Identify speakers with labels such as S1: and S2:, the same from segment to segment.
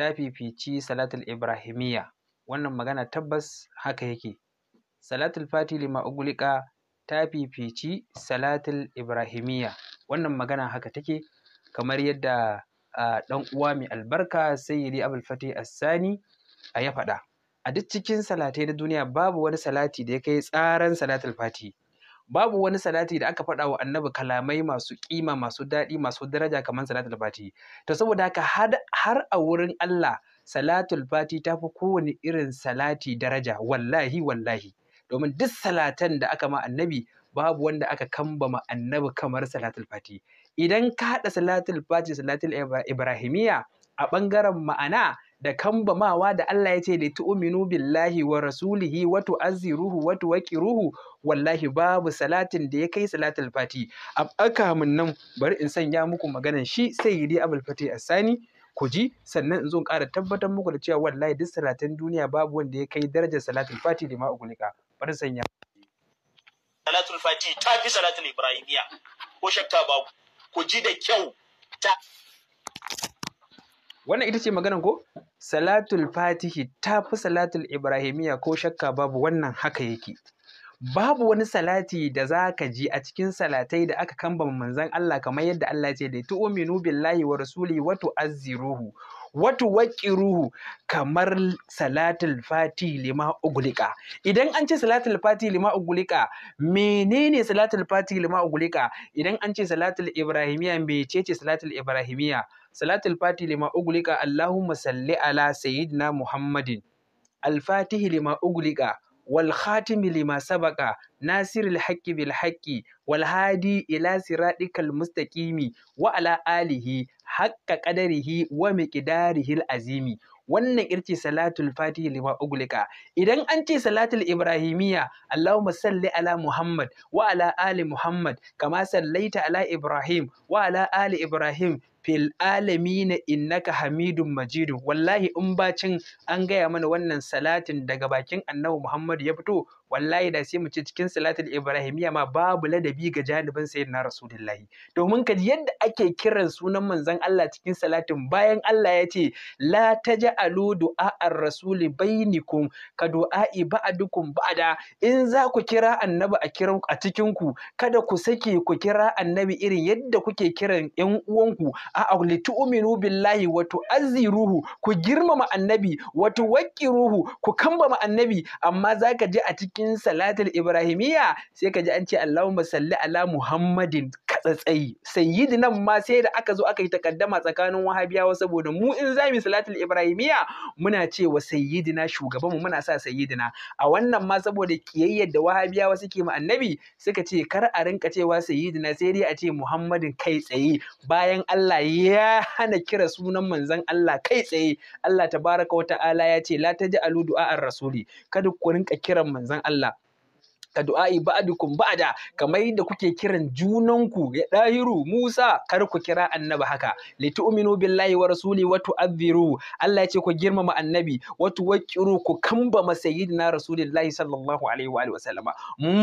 S1: ta fifici salatul ibrahimiyya wannan magana tabbas haka yake salatul fati lima ugulika ta fifici salatul ibrahimiyya wannan magana haka take kamar yadda ɗan uwa mai albarka sayyidi abul fati assani a ya faɗa a duk cikin salatai na duniya babu wani salati da ya kai tsaran salatul fati babu wani salati da aka faɗa wa annabi kalamai masu kima masu daɗi masu daraja kamar salatul fati to saboda haka har a wurin Allah salatul fati ta fi kowane irin salati daraja wallahi wallahi domin duk salatan da aka ma annabi babu wanda aka kambama annabi kamar salatul fati idan ka haɗa salatul fati salatul ibrahimiya a ɓangaren ma'ana da kambamawa da Allah ya ce li tu'minu billahi wa rasulihi wa tu'azziruhu wa tuwaqiruhu wallahi babu salatin da ya kai salatul fati a aka mun nan bari in sanya muku maganan shi sai sayyidi abul fati asani ku ji sannan in zo ƙara tabbatar muku da cewa wallahi duk salatin duniya babu wanda ya kai darajar salatul fati da ma'ugulika bari sanya
S2: salatul fati ta fi salatul ibrahimiya ko shakka babu ku ji da kyau ta
S1: wannan ita ce maganan ko salatul fatihi ta fi salatul ibrahimiyya ko shakka babu wannan haka yake babu wani salati da za ka ji a cikin salatai da aka kamba manzan Allah kamar yadda Allah ce da tu'minu billahi wa rasuli wa tu'azziruhu watu ruhu kamar salatul fati lima ugulika idan an ce salatul fati lima ugulika menene salatul fati lima ugulika idan an ce salatul ibrahimiya mecece salatul ibrahimiya salatul fati lima ugulika allahumma salli ala sayyidina muhammadin al-fatihi lima ugulika wal khatimi lima sabaqa nasiril haqqi bil haqqi wal hadi ila siratikal mustaqimi wa ala alihi haqqa wa miqdarihi azimi wannan irce salatul fatihi lima uglika idan an ce salatul ibrahimiyya allahumma salli ala muhammad wa'ala ala ali muhammad kama sallaita ala ibrahim wa'ala ala ali ibrahim fil alamina innaka hamidun Majidu. wallahi in bacin an gaya mana wannan salatin daga bakin annabi muhammadu ya fito wallahi da sai mu ce cikin salatul ibrahimiyya ma babu ladabi ga janibin sayyidina rasulullahi domin kaji yadda ake kiran sunan manzon Allah cikin salatin bayan Allah ya ce la taj'alu du'a ar-rasuli bainakum ka du'a'i ba'dukum ba'da in za ku kira annabi a kiran a cikin ku kada ku sake ku kira annabi irin yadda kuke kiran ƴan uwanku a litu'minu billahi wa tu'ziruhu ku girmama annabi wa tuwaqqiruhu ku kambama annabi amma za ka je a cikin cikin salatul ibrahimiyya sai ka ji an ce Allahumma salli ala Muhammadin katsatsayi sayyidina ma sai da aka zo aka yi takaddama tsakanin wahabiyawa saboda mu in zamu salatul ibrahimiyya muna cewa sayyidina shugabanmu muna sa sayyidina a wannan ma saboda kiyayyar da wahabiyawa suke ma annabi suka ce kar a rinka cewa sayyidina sai dai a ce Muhammadin kai tsaye bayan Allah ya hana kira sunan manzon Allah kai tsaye Allah tabaraka wa ta'ala ya ce la taj'alu du'a ar-rasuli kada ku rinka kiran manzon Allah ka du'a'i ba'dukum ba'da kamar yadda kuke kiran junanku ya dahiru Musa kar ku kira annabi haka li tu'minu billahi wa rasuli wa tu'adhiru Allah yace ku girmama annabi wa tuwaqqiru ku kambama sayyidina rasulillahi sallallahu alaihi wa alihi wasallama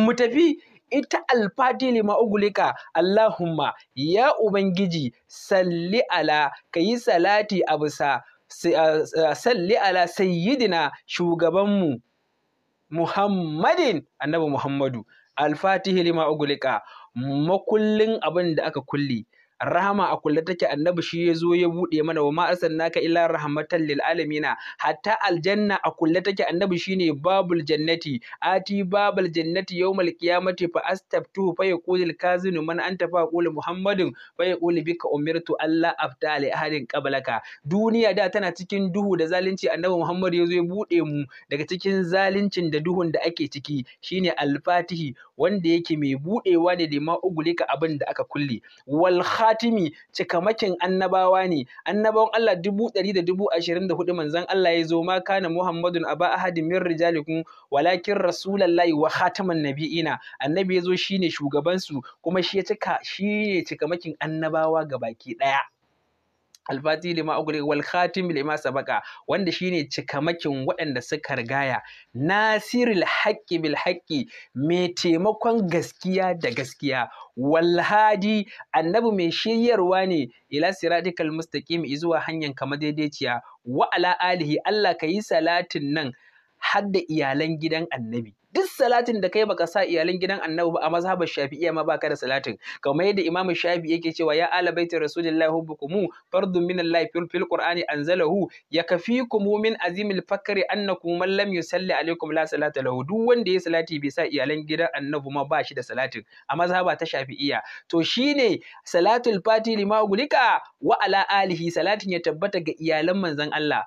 S1: mu tafi ita alfadili lima ugulika Allahumma ya ubangiji salli ala kayi salati abusa salli ala sayyidina shugabanmu Muhammadin annabi Muhammadu alfatihi lima ugulika makullin abin da aka kulli. rahama a kulle take annabi shi ya zo ya buɗe mana wa ma naka ila rahmatan lil alamina hatta aljanna a kulle take annabi shine babul jannati ati babul jannati yawmal qiyamati fa astabtuhu fa yaqulul al kazinu man anta fa yaqulu muhammadin fa yaqulu bika umirtu alla afta ahadin qablaka duniya da tana cikin duhu da zalunci annabi muhammad ya zo ya buɗe mu daga cikin zaluncin da duhun da ake ciki shine al-fatihi wanda yake mai buɗewa ne da ma ugulika abin da aka kulle wal khatimi cikamakin annabawa ne annabawan Allah dubu ɗari da dubu ashirin da hudu manzon Allah ya zo ma kana Muhammadun aba ahadin min rijalikum walakin rasulallahi wa khataman ina, annabi ya zo shine shugabansu shugabansu kuma shi ya cika shi ne cikamakin annabawa ga baki ɗaya alfati lima agure wal khatim lima sabaka wanda shine cikamakin waɗanda suka rigaya nasirul haqqi bil haqqi mai taimakon gaskiya da gaskiya wal hadi annabi mai shiryarwa ne ila siratikal mustaqim zuwa hanyar kama daidaiciya wa ala alihi Allah ka yi salatin nan har da iyalan gidan annabi duk salatin da kai baka sa iyalan gidan annabi ba a mazhabar shafi'iyya ma baka da salatin kamar yadda imamu shafi'i yake cewa ya ala baiti rasulillahi hubbukum fardun min allahi fil qur'ani anzalahu yakfikum min azimil fakri annakum man lam yusalli alaikum la salata lahu duk wanda ya salati bai sa iyalan gidan annabi ma ba shi da salatin a mazhaba ta shafi'iyya to shine salatul fati Magulika gulika wa ala alihi salatin ya tabbata ga iyalan manzon Allah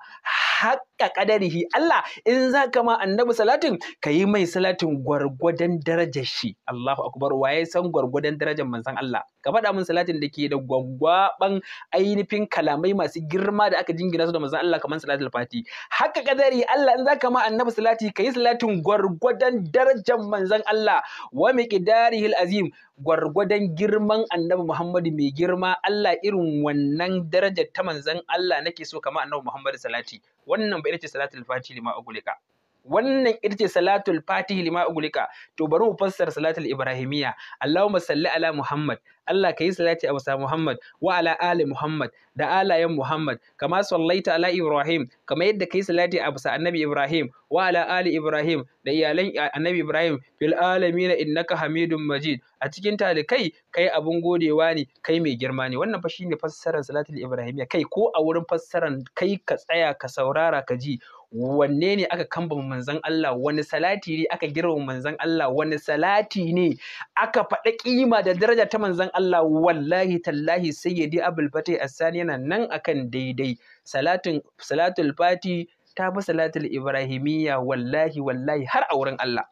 S1: haƙƙa ƙadarihi Allah in za ka ma annabi salatin ka yi mai salatin gwargwadon darajar shi Allahu akbar ya san gwargwadon darajar manzon Allah ka faɗa min salatin da ke da gwaggwaban ainihin kalamai masu girma da aka jingina su da manzon Allah kamar salatul fati haƙƙa ƙadari Allah in za ka ma annabi salati ka yi salatin gwargwadon darajar manzon Allah wa miqdarihil azim gwargwadon girman annabi Muhammadu mai girma Allah irin wannan darajar ta manzon Allah nake so kama annabi Muhammadu salati wannan ba ita ce salatul fati lima ugulika wannan ita ce salatul fatihi lima ugulika to bari mu fassara salatul ibrahimiya Allahumma salli ala Muhammad Allah ka yi salati a wasa Muhammad wa ala ali Muhammad da alayen Muhammad kama sallaita ala Ibrahim kama yadda ka yi salati a wasa annabi Ibrahim wa ala ali Ibrahim da iyalan annabi Ibrahim fil alamin innaka Hamidum Majid a cikin talikai kai abun godewa ne kai mai girma ne wannan fa shine fassarar salatul ibrahimiya kai ko a wurin fassarar kai ka tsaya ka saurara ka ji wanne ne aka kamba manzan Allah wani salati ne aka girma manzan Allah wani salati ne aka faɗa kima da daraja ta manzan Allah wallahi tallahi sayyidi abul fatih asani sani yana nan akan daidai salatin salatul fati ta fi salatul ibrahimiyya wallahi wallahi har a wurin Allah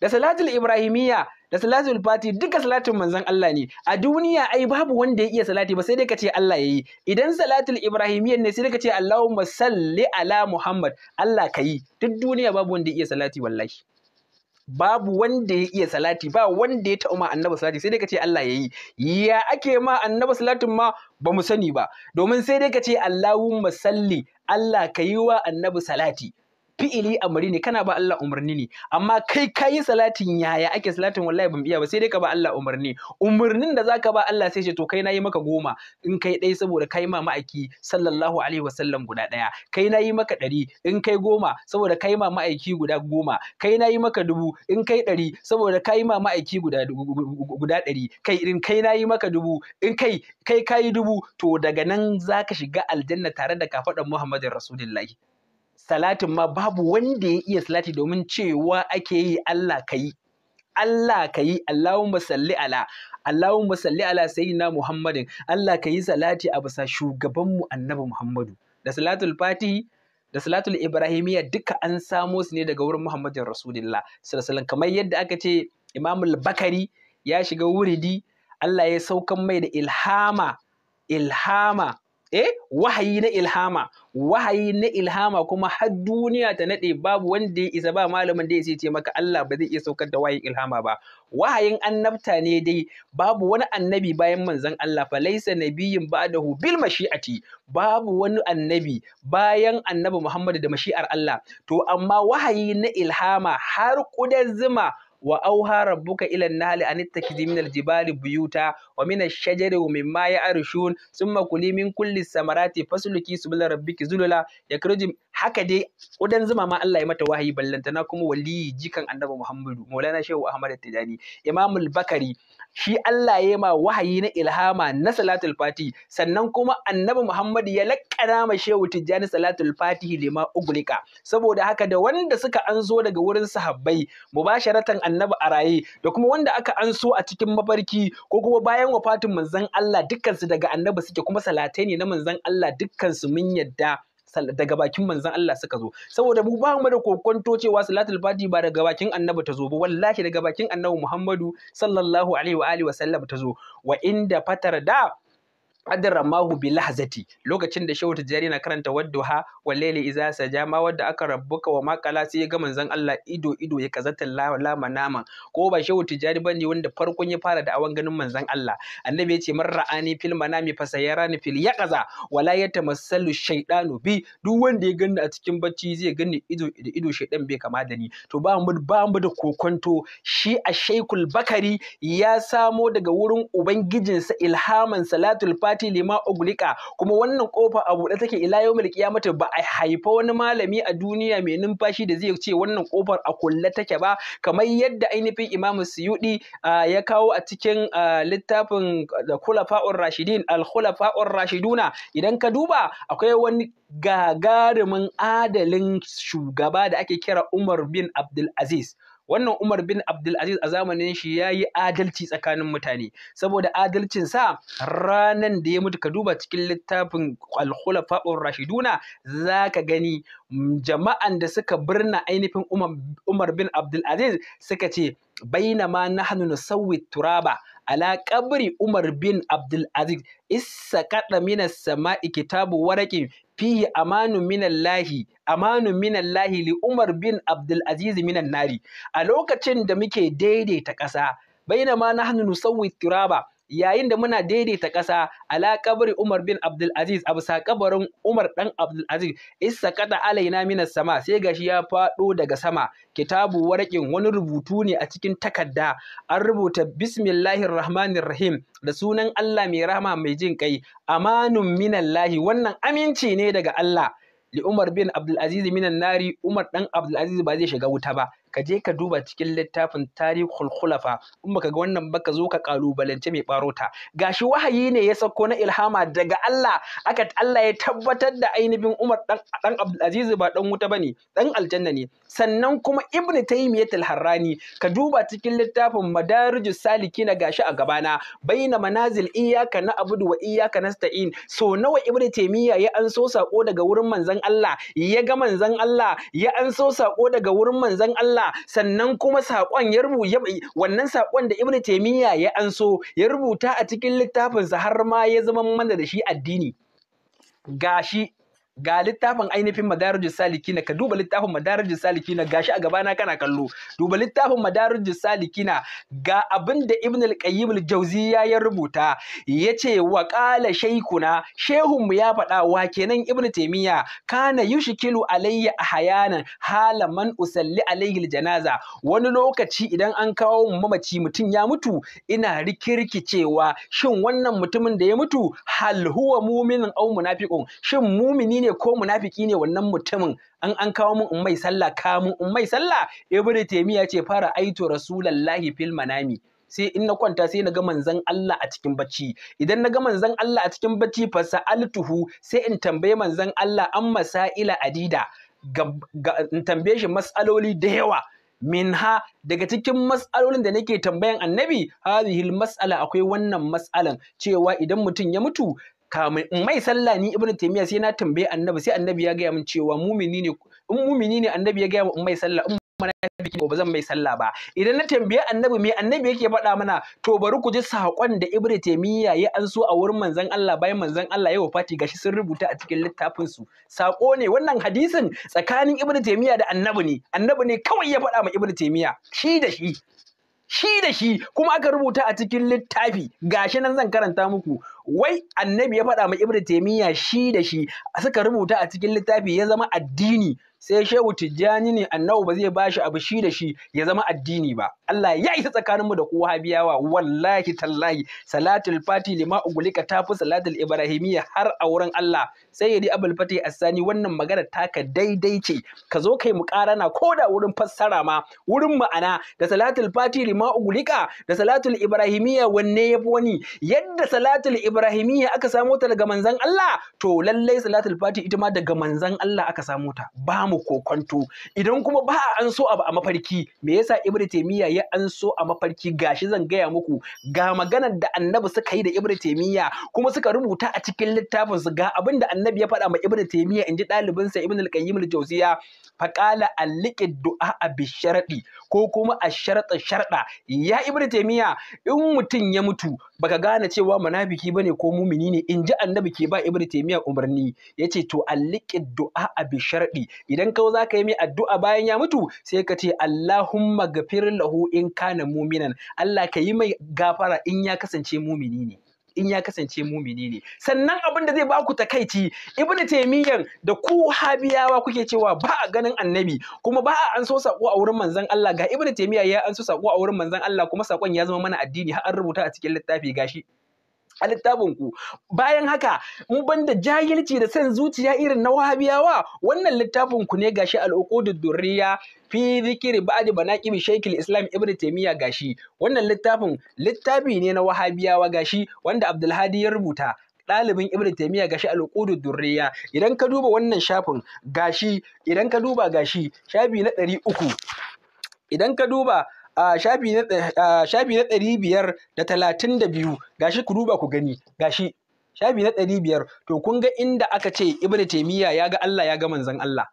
S1: da salatul ibrahimiyya da salatul fati duka salatin manzon Allah ne a duniya ai babu wanda ya iya salati ba sai dai ka ce Allah yayi idan salatul Ibrahimiyya ne sai dai ka ce Allahumma salli ala Muhammad Allah kayi duk duniya babu wanda ya iya salati wallahi babu wanda ya iya salati ba wanda ya taɓa ma annabi salati sai dai ka ce Allah ya yi ya ake ma annabi salatin ma ba mu sani ba domin sai dai ka ce Allahumma salli Allah ka wa annabi salati fi'ili amri ne kana ba Allah umarni ne amma kai kayi salatin yaya ake salatin wallahi ban biya ba sai dai ka ba Allah umarni umarnin da zaka ba Allah sai ce to kai nayi maka goma in kai dai saboda kai ma ma'aiki sallallahu alaihi wasallam guda daya kai nayi maka ɗari in kai goma saboda kai ma ma'aiki guda goma kai nayi maka dubu in kai ɗari saboda kai ma ma'aiki guda guda ɗari kai in kai nayi maka dubu in kai kai kayi dubu to daga nan zaka shiga aljanna tare da kafaɗan Muhammadin Rasulullahi salatin ma babu wanda ya iya salati domin cewa ake yi Allah ka yi. Allah ka yi Allahumma salli ala Allahumma salli ala sayyidina Muhammadin Allah ka yi salati a bisa shugabanmu Annabi Muhammadu da salatul fatihi da salatul ibrahimiyya duka an samo su ne daga wurin Muhammadin Rasulullah sallallahu kamar yadda aka ce Imam bakari ya shiga wuridi Allah ya saukan mai da ilhama ilhama eh wahayi na ilhama wahayi na ilhama kuma har duniya ta nade babu wanda ya isa ba malamin da ya ce maka Allah ba zai iya saukar da wahayin ilhama ba wahayin annabta ne dai babu wani annabi bayan manzon Allah fa laysa nabiyyin ba'dahu bil mashi'ati babu wani annabi bayan annabi Muhammadu da mashi'ar Allah to amma wahayi na ilhama har kudan zuma wa auha rabbuka ila an-nahli an ittakhidhi min jibali buyuta wa min ash-shajari wa mimma ya'rishun thumma kuli min kulli samarati fasluki subula rabbiki zulula yakhruju haka dai ƙudan zuma ma Allah ya mata wahayi ballantana kuma waliyi jikan annabi Muhammadu Maulana Shehu Ahmad Tijani al Bakari shi Allah ya ma wahayi na ilhama na Salatul Fati sannan kuma annabi Muhammadu ya lakkana ma Shehu Tijani Salatul Fatihi lima ugulika saboda haka da wanda suka anso daga wurin sahabbai mubasharatan annabi a raye da kuma wanda aka anso a cikin mafarki ko kuma bayan wafatin manzon Allah su daga annabi suke kuma salatai ne na manzon Allah dukkansu mun yadda daga bakin manzon Allah suka zo saboda mu ba mu da kokonto cewa salatul fati ba daga bakin annabi ta zo ba wallahi daga bakin annabi Muhammadu sallallahu alaihi wa alihi wa sallam ta zo wa inda fatar da adar mahu bi lahzati lokacin da shehu tijjani na karanta wadduha wallaili iza saja ma wadda aka rabbuka wa makala sai ya ga manzon Allah ido ido ya kazata lama nama ko ba shehu tijjani ne wanda farkon ya fara da awan ganin manzon Allah annabi ya ce man ra'ani fil manami fa sayarani fil yaqaza wala yatamassalu shaytanu bi duk wanda ya ganni a cikin bacci zai ganni ido da ido shaytan bai kama da ni to ba mu ba mu da kokonto shi a shaikul bakari ya samo daga wurin ubangijinsa ilhaman salatul fa fati lima uglika kuma wannan kofa a buɗe take ila yawmil mata, ba a haifa wani malami a duniya mai numfashi da zai ce wannan kofar a kulle take ba kamar yadda ainihin Imam Suyudi ya kawo a cikin littafin Khulafa'ur Rashidin Al-Khulafa'ur Rashiduna idan ka duba akwai wani gagarumin adalin shugaba da ake kira Umar bin Abdul Aziz wannan Umar bin Abdul Aziz a zamanin shi ya yi adalci tsakanin mutane saboda adalcin sa ranan da ya mutu ka duba cikin littafin Al-Khulafa Rashiduna za ka gani jama'an da suka birna ainihin Umar bin Abdul Aziz suka ce baina bainama nahnu nusawwi turaba ala kabri Umar bin Abdul Aziz isa kada mina sama'i kitabu waraƙi. fihi amanu minallahi amanu minallahi li Umar bin Abdul Aziz minan nari a lokacin da muke daidaita ƙasa ma nahnu nusawwi turaba yayin da muna daidaita ƙasa ala kabri Umar bin Abdul Aziz abu kabarin Umar dan Abdul Aziz isa kada alaina minas sama sai gashi ya faɗo daga sama kitabu warakin wani rubutu ne a cikin takarda an rubuta bismillahir rahmanir rahim da sunan Allah mai rahama mai jin kai amanun minallahi wannan aminci ne daga Allah li Umar bin Abdul Aziz minan nari Umar dan Abdul Aziz ba zai shiga wuta ba ka je ka duba cikin littafin tarihul khulafa in baka ga wannan ba ka zo ka kalubalance mai ta gashi wahayi ne ya sako na ilhama daga Allah aka Allah ya tabbatar da ainihin Umar dan dan Abdulaziz ba dan wuta bane dan aljanna ne sannan kuma Ibn Taymiyyah al-Harrani ka duba cikin littafin Madarijus Salikin gashi a gabana baina manazil iyyaka Abudu wa iyyaka nasta'in so nawa Ibn Taymiyyah ya anso sako daga wurin manzon Allah ya ga manzon Allah ya anso sako daga wurin manzon Allah Allah sannan kuma saƙon ya wannan saƙon da Ibn Taymiyyah ya anso ya rubuta a cikin littafinsa har ma ya zama mana da shi addini gashi ga littafin ainihin madarijus salikina ka duba littafin madarijus salikina gashi a gabana kana kallo duba littafin madarijus salikina ga abin da ibn al-qayyim al jauzi ya rubuta yace wa qala shaykuna shehun mu ya faɗa wa kenan ibn taymiya kana yushkilu alayya ahyana hala man usalli alayhi janaza wani lokaci idan an kawo mamaci mutum ya mutu ina rikirkicewa shin wannan mutumin da ya mutu hal huwa muminin aw munafiqun shin mumini ne ne ko munafiki ne wannan mutumin an an kawo mun mai sallah in mai sallah ibnu taymiya ce fara aito rasulallahi fil manami sai in na kwanta sai na ga manzon Allah a cikin bacci idan na ga manzon Allah a cikin bacci fa sa'altuhu sai in tambaye manzon Allah an masaila adida ga in tambaye shi mas'aloli da yawa minha daga cikin mas'alolin da nake tambayan annabi hadhihi mas'ala akwai wannan mas'alan cewa idan mutum ya mutu kamin in mai sallah ni ibnu taymiya sai na tambaye annabi sai annabi ya gaya min cewa mumini ne in mumini ne annabi ya gaya min in mai sallah in munafiki ne ba zan mai sallah ba idan na tambaye annabi me annabi yake faɗa mana to bari ku ji sakon da ibnu taymiya ya anso a wurin manzon Allah bayan manzon Allah ya wafati gashi sun rubuta a cikin littafin su sako ne wannan hadisin tsakanin ibnu taymiya da annabi ne annabi ne kawai ya faɗa ma ibnu taymiya shi da shi shi da shi kuma aka rubuta a cikin littafi gashi nan zan karanta muku wai annabi ya faɗa ma ibnu taymiya shi da shi suka rubuta a cikin littafi ya zama addini sai shehu tijjani ne annabi ba zai ba shi abu shi da shi ya zama addini ba Allah ya isa mu da kowa wahabiyawa wallahi tallahi salatul fati lima ugulika tafi salatul ibrahimiyya har a wurin Allah sai yadi abul fati asani wannan magana taka daidai ce ka zo kai mu karana ko da wurin fassara ma wurin ma'ana da salatul fati lima ugulika da salatul ibrahimiyya wanne yafi wani yadda salatul ibrahimiyya Ibrahimiyya aka samo ta daga manzan Allah to lallai salatul fati ita ma daga manzan Allah aka samo ta ba mu kokonto idan kuma ba an so abu a mafarki me yasa ibnu taymiyya ya an so a mafarki gashi zan gaya muku ga maganar da Annabi suka yi da ibnu taymiyya kuma suka rubuta a cikin littafin su ga abin da Annabi ya faɗa ma ibnu taymiyya inji ɗalibinsa Ibn al-Qayyim al-Jawziyya faqala al-liqid du'a bi sharadi ko kuma a sharɗa sharɗa ya ibnu taymiya in mutum ya mutu baka gane cewa ba ne ko mumini ne in ji annabi ke ba ibnu taymiya umarni yace to alliki du'a bi sharɗi idan ka za ka yi mai addu'a bayan ya mutu sai ka ce Allahumma gafir lahu in kana muminan Allah ka yi mai gafara in ya kasance mumini ne in ya kasance mumini ne sannan abin da zai ba ku takaici ibnu taymiyan da ku habiyawa kuke cewa ba a ganin annabi kuma ba a an so sako a wurin manzon Allah ga ibnu taymiya ya an so sako a wurin manzon Allah kuma sakon ya zama mana addini har an rubuta a cikin littafi gashi a littafin ku bayan haka in banda jahilci da san zuciya irin na wahabiyawa wannan littafin ku ne gashi al-uqudud durriya fi zikiri ba'di banaqibi shaykh islam ibnu taymiya gashi wannan littafin littafi ne na wahabiyawa gashi wanda abdulhadi ya rubuta ɗalibin ibnu taymiya gashi al-Qudud Durriya idan ka duba wannan shafin gashi idan ka duba gashi shafi na ɗari uku idan ka duba shafi na ɗari biyar da talatin da biyu gashi ku duba ku gani gashi shafi na ɗari biyar to kun ga inda aka ce ibnu taimiyya ya ga Allah ya ga manzon Allah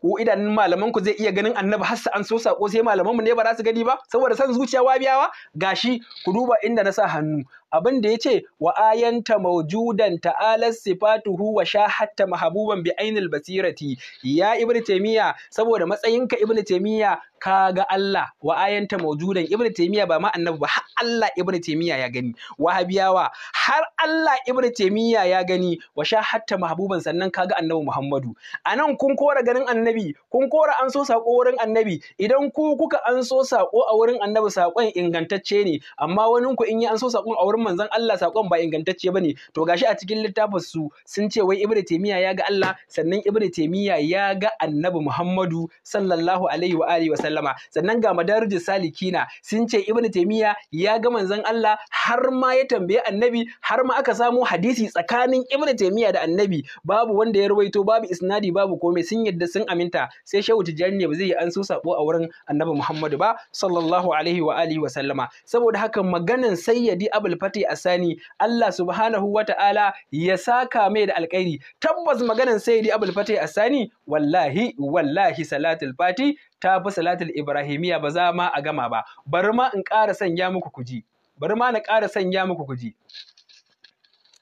S1: ko idanun malaman ku zai iya ganin annabi har an so sako sai malaman mu ne ba za su gani ba saboda san zuciya wabiyawa gashi ku duba inda na sa hannu abin da ya ce wa ayanta maujudan ta'ala sifatuhu wa shahatta mahabuban bi ainil basirati ya ibnu taymiya saboda matsayinka ibnu taymiya ka ga Allah wa ayanta maujudan ibnu taymiya ba ma annabi ba har Allah ibnu taymiya ya gani wahabiyawa har Allah ibnu taymiya ya gani wa shahatta mahabuban sannan ka ga annabi Muhammadu anan kun kora ganin annabi kun kora an so sako wurin annabi idan ku kuka an so sako a wurin annabi sakon ingantacce ne amma wani ku in yi an so sako a wurin manzon Allah sakon ba ingantacce bane to gashi a cikin littafin su sun ce wai ibnu Taymiyyah ya ga Allah sannan ibnu Taymiyyah ya ga Annabi Muhammadu sallallahu alaihi wa alihi wa sallama sannan ga madarijin salikina sun ce ibnu Taymiyyah ya ga manzon Allah har ma ya tambaye Annabi har ma aka samu hadisi tsakanin ibnu Taymiyyah da Annabi babu wanda ya rawaito babu isnadi babu komai sun yadda sun aminta sai Shehu Tijjani ne ba zai yi an so sako a wurin Annabi Muhammadu ba sallallahu alaihi wa alihi wa sallama saboda haka maganan Sayyidi Abul marrati asani Allah subhanahu ta'ala ya saka mai da alƙairi tabbas maganan sayyidi abul fatih asani wallahi wallahi salatul fati ta fi salatul ibrahimiya ba za ma a gama ba bari ma in ƙara sanya muku kuji bari ma na ƙara sanya muku kuji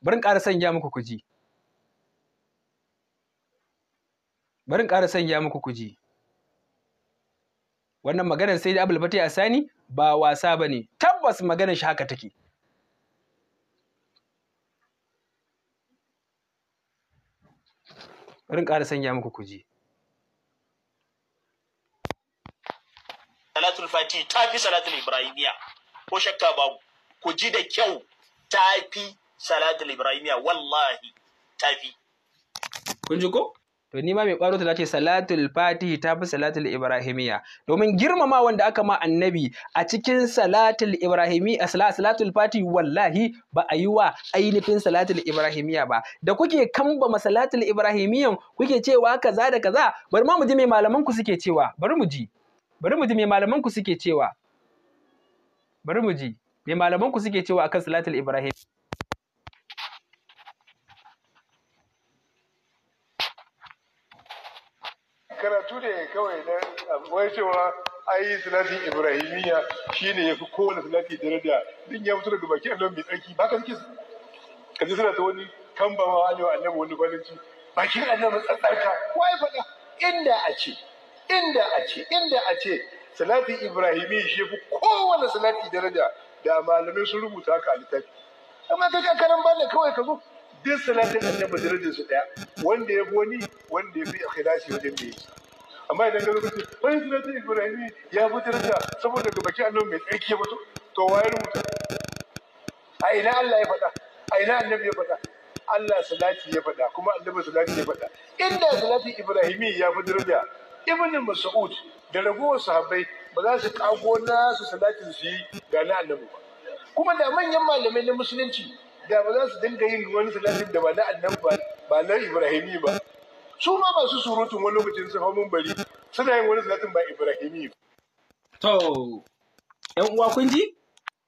S1: bari in ƙara sanya muku kuji bari in ƙara sanya muku kuji wannan maganar sai da fatih a sani ba wasa ba ne tabbas maganar shi haka take bari ƙara sanya muku
S2: kuji salatul fati ta fi salatul ibrahimiya ko shakka babu ku ji da kyau ta fi salatul Ibrahimiyya, wallahi ta fi
S1: kun ji ko to ni ma mai ƙwaro ta ce salatul fatihi ta fi salatul ibrahimiya domin girmama wanda aka ma annabi a cikin salatul ibrahimi a salatul fatihi wallahi ba a yi wa ainihin salatul ibrahimiya ba da kuke kamba salatul ibrahimiyan kuke cewa kaza da kaza bari ma mu ji mai malaman ku suke cewa bari mu ji bari mu ji mai malaman ku suke cewa bari mu ji mai malaman ku suke cewa akan salatul ibrahimiya
S3: karatu ne kawai na wai cewa Ibrahimiyya shi ibrahimiya ya fi kowane salati rada. din ya fito daga baki a mai tsarki ba ka suke kaji suna ta wani ba ma wani wa annabi wani kwalinci bakin Allah mai tsarka wai faɗa inda a ce inda a ce inda a ce salati ibrahimi shi ya fi kowane salati rada, da malamai sun rubuta haka a littafi amma kai ka karan kawai ka zo duk salatin annabi darajar su daya wanda ya wani wanda ya fi a ikhlasi wajen da ya yake amma idan ga rubuta wani salatin Ibrahim ya fi daraja saboda ga baki annabi mai tsarki ya to waye rubuta a ina Allah ya faɗa a ina annabi ya faɗa Allah salati ya faɗa kuma annabi salati ya faɗa inda salatin Ibrahim ya fi daraja ibn mas'ud da ragowar sahabbai ba za su kago nasu salatin su yi ga na annabi ba kuma da manyan malamai na musulunci da ba za su dinga yin wani salatin da ba na annan ba ba na ibrahimi ba su ma masu surutun wani lokacin su hau bari suna yin wani salatin ba ibrahimi ba
S1: to yan uwa kun ji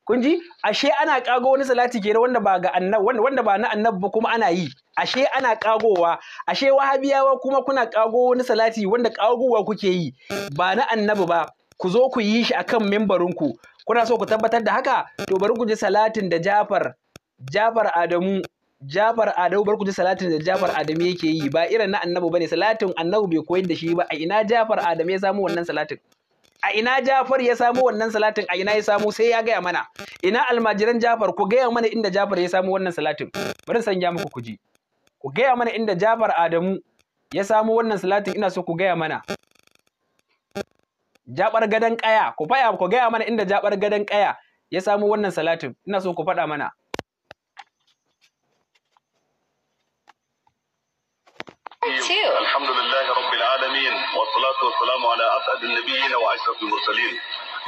S1: kun ji ashe ana kago wani salati ke wanda ba ga annab wanda ba na annab ba kuma ana yi ashe ana kagowa ashe wahabiyawa kuma kuna kago wani salati wanda kagowa kuke yi ba na annab ba ku zo ku yi shi akan membarinku kuna so ku tabbatar da haka to bari ku ji salatin da Jafar Jafar Adamu Jafar Adamu barku ji salatin da Jafar Adamu yake yi ba irin na Annabi bane salatin Annabi bai koyar da shi ba a ina Jafar Adamu ya samu wannan salatin a ina Jafar ya samu wannan salatin a ina ya samu sai ya gaya mana ina almajiran Jafar ku gaya mana inda Jafar ya samu wannan salatin bari ya muku kuji ku gaya mana inda Jafar Adamu ya samu wannan salatin ina so ku gaya mana Jabar gadan kaya ku faɗa ku gaya mana inda Jabar gadan kaya ya samu wannan salatin ina so ku faɗa mana
S4: الحمد لله
S3: رب العالمين والصلاة والسلام على أسعد النبيين وأشرف المرسلين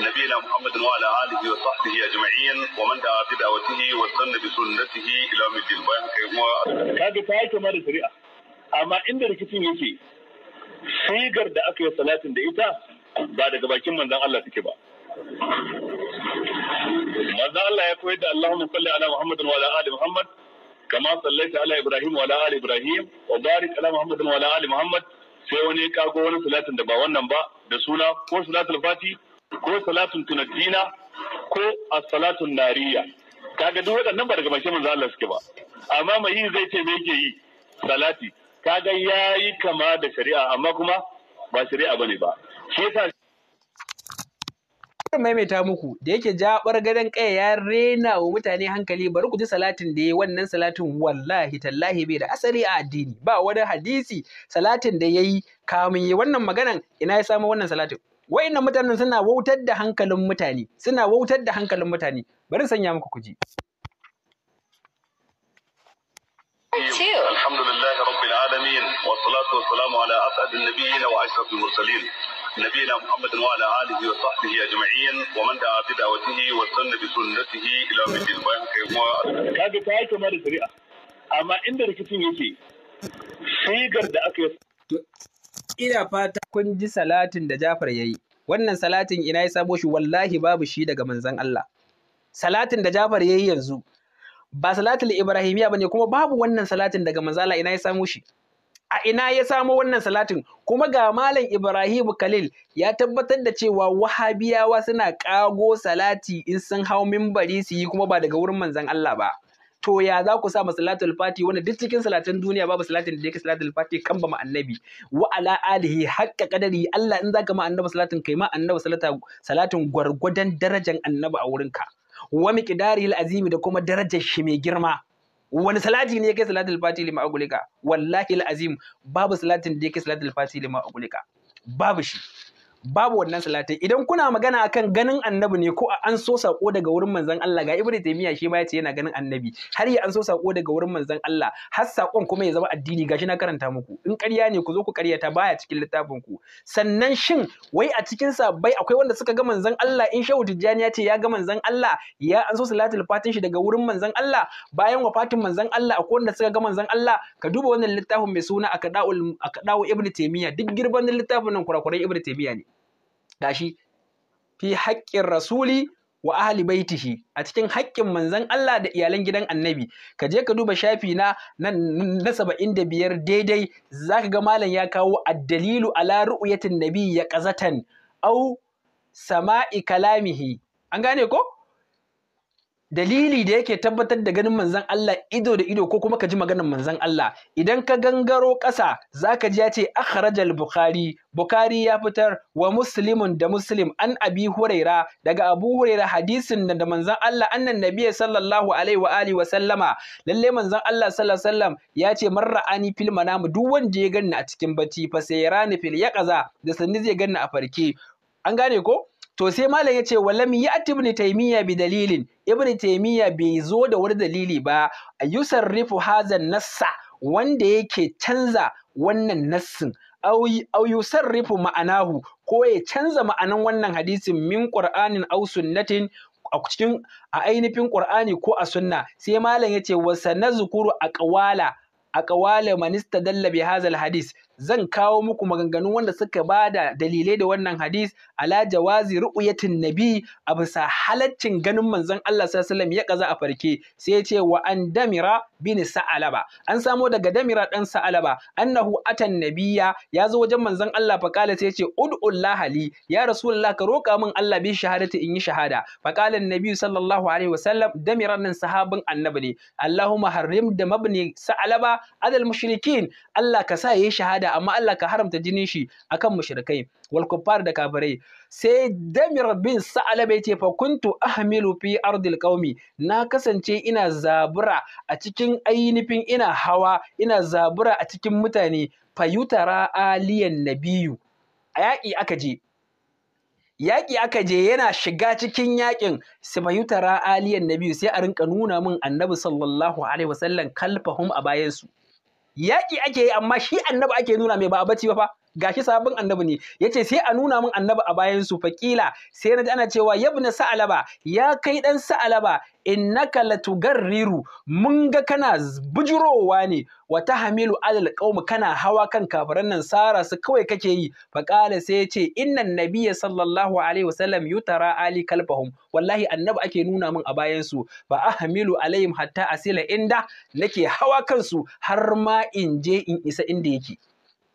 S3: نبينا محمد وعلى آله وصحبه أجمعين ومن دعا بدعوته وسن بسنته إلى يوم الدين بيان كيما هذا فايت ما لسريعة أما عند ركتين يجي سيجر دا أكي صلاة ديتا بعد كباكين من دعا الله تكبا ما دعا الله يقول اللهم صل على محمد وعلى آل محمد kama ta ala ibrahim wa ala ali ibrahim wa barik ala muhammad wa ali muhammad sai wani ya kago wani salatin da ba wannan ba da suna ko salatul fati ko salatun tunadina ko as-salatun nariya kaga duk waɗannan ba daga bakin manzo Allah suke ba amma mai yi zai ce me yake yi salati kaga yayi kama da shari'a amma kuma ba shari'a bane ba shi yasa
S1: maimaita muku da yake jabar gadon kai ya rena wa mutane hankali bari ku ji salatin da yayi wannan salatin wallahi tallahi bai da asali a addini ba wani hadisi salatin da yayi kamun yi wannan maganan ina ya samu wannan salatin wa'annan mutanen suna wautar da hankalin mutane suna wautar da hankalin mutane bari sanya muku kuji
S4: الحمد
S3: لله رب العالمين والصلاة والسلام على أسعد النبيين وأشرف المرسلين نبينا محمد وعلى اله وصحبه اجمعين ومن دعا بدعوته وسن بسنته الى يوم الدين بيان كيما kaga ta yi kama da
S1: shari'a amma inda rikicin yake sigar da aka yi ina fata kun ji salatin da Jafar wannan salatin ina ya samo shi wallahi babu shi daga manzon Allah salatin da Jafar yayi yanzu ba salatul ibrahimiya bane kuma babu wannan salatin daga manzala ina ya samo shi a ina ya samo wannan salatin kuma ga malam Ibrahim Khalil ya tabbatar da cewa wahabiyawa suna kago salati in sun hau mimbari su yi kuma ba daga wurin manzan Allah ba to ya za ku sa masalatul fati wanda duk cikin salatin duniya babu salatin da yake salatul fati kan ba annabi wa ala alihi hakka kadari Allah in zaka ma annabi salatin kai ma annabi salata salatin gwargwadon darajar annabi a wurinka wa miqdaril azimi da kuma darajar shi mai girma wani salati ne yake salatul fati lima agulika wallahi alazim babu salatin da yake salatul fati lima agulika babu shi babu wannan salatai, idan kuna magana akan ganin annabi ne ko a an so sako daga wurin manzon Allah ga ibnu Taymiya shi ma yace yana ganin annabi har ya an so sako daga wurin manzon Allah har sakon kuma ya zama addini gashi na karanta muku in ƙarya ne ku zo ku ƙaryata baya cikin littafin ku sannan shin wai a cikin sabai akwai wanda suka ga manzon Allah in Shehu Tijjani ya ce ya ga manzon Allah ya an so salatul fatin shi daga wurin manzon Allah bayan wafatin manzon Allah akwai wanda suka ga manzon Allah ka duba wannan littafin mai suna akada'ul akada'u ibnu Taymiya duk girban littafin nan kurakurai ibnu Taymiya ne gashi fi haƙƙin rasuli wa ahli baitihi a cikin haƙƙin manzon Allah da iyalan gidan annabi ka je ka duba shafi na na saba'in biyar daidai zaka ga malam ya kawo addalilu ala ru'yatin nabi ya qazatan au sama'i kalamihi an gane ko dalili da yake tabbatar da ganin manzan Allah ido da ido ko kuma ka ji maganar manzan Allah idan ka gangaro ƙasa zaka ji ya ce akhrajal bukhari bukhari ya fitar wa muslimun da muslim an abi huraira daga abu huraira hadisin da manzan Allah annan nabiyyi sallallahu alaihi wa alihi wa sallama lalle manzan Allah sallallahu alaihi sallam ya ce man ra'ani fil manam duk wanda ya ganni a cikin bacci fa sai ya rani fil yaqaza da sanni zai ganni a farke an gane ko to sai malam yace wallam ya ibn taymiya bi dalilin ibn taymiya bai zo da wani dalili ba yusarrifu hazan nassa wanda yake canza wannan nassin au yusarrifu ma'anahu ko ya canza ma'anan wannan hadisin min qur'anin aw sunnatin a cikin a ainihin qur'ani ko a sunna sai malam yace wa sanazkuru aqwala aqwala man istadalla bi hadha hadis zan kawo muku maganganun wanda suka ba da dalilai da wannan hadis ala jawazi ru'yatin nabi a bisa halaccin ganin manzon Allah sallallahu alaihi ya kaza a farke sai ya ce wa an damira bin sa'alaba an samo daga damira dan sa'alaba annahu atan nabiyya ya zo wajen manzon Allah fa kala sai ya ce ud'ullah li ya rasulullah ka roka min Allah bi shahadati in yi shahada fa kala nabi sallallahu alaihi wasallam damiran nan sahabin annabi ne allahumma harrim da mabni sa'alaba adal mushrikin Allah ka sa yayi shahada ibada amma Allah ka haramta jinin shi akan mushrikai wal kuffar da kafirai sai damir bin sa'ala bai ce fa kuntu ahmilu fi ardil qaumi na kasance ina zabura a cikin ainifin ina hawa ina zabura a cikin mutane fayutara aliyan nabiyu a yaƙi aka je yaƙi aka je yana shiga cikin yaƙin sifayutara aliyan nabiyu sai a rinka nuna min annabi sallallahu alaihi wasallam kalfahum a bayansu yaƙi ake yi amma shi annabi ake nuna mai ba a bacci ba fa gashi sabon annabi ne yace sai a nuna min annabi a bayan su faqila sai naji ana cewa yabna sa'alaba ya kai dan sa'alaba innaka latugarriru mun ga kana bujurowa ne Wata Hamilu alal qaum kana hawa kan kafiran nan sara su kawai kake yi faqala sai yace innan nabiyya sallallahu alaihi wasallam yutara ali kalfahum wallahi annabi ake nuna min a bayan su a Hamilu alaihim hatta asila inda nake hawa kansu har ma in je in isa inda yake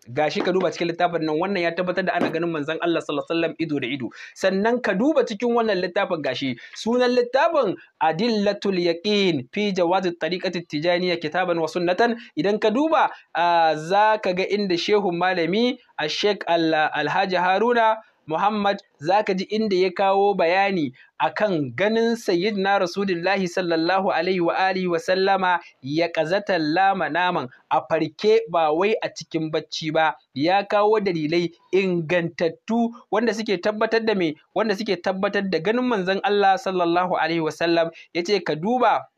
S1: gashi ka duba cikin littafin nan wannan ya tabbatar da ana ganin manzon Allah sallallahu alaihi wasallam ido da ido sannan ka duba cikin wannan littafin gashi sunan littafin adillatul yaqin fi jawazit tariqati tijaniya kitaban wa sunnatan idan ka duba ah, za ga inda shehun malami a Sheikh Alhaji Haruna Muhammad za ka ji inda ya kawo bayani a kan ganin sayyidina rasulullahi sallallahu alaihi wa alihi sallama ya ƙazata lama naman a farke ba wai a cikin bacci ba ya kawo dalilai ingantattu wanda suke tabbatar da me wanda suke tabbatar da ganin manzon Allah sallallahu alaihi wa sallam ce ka duba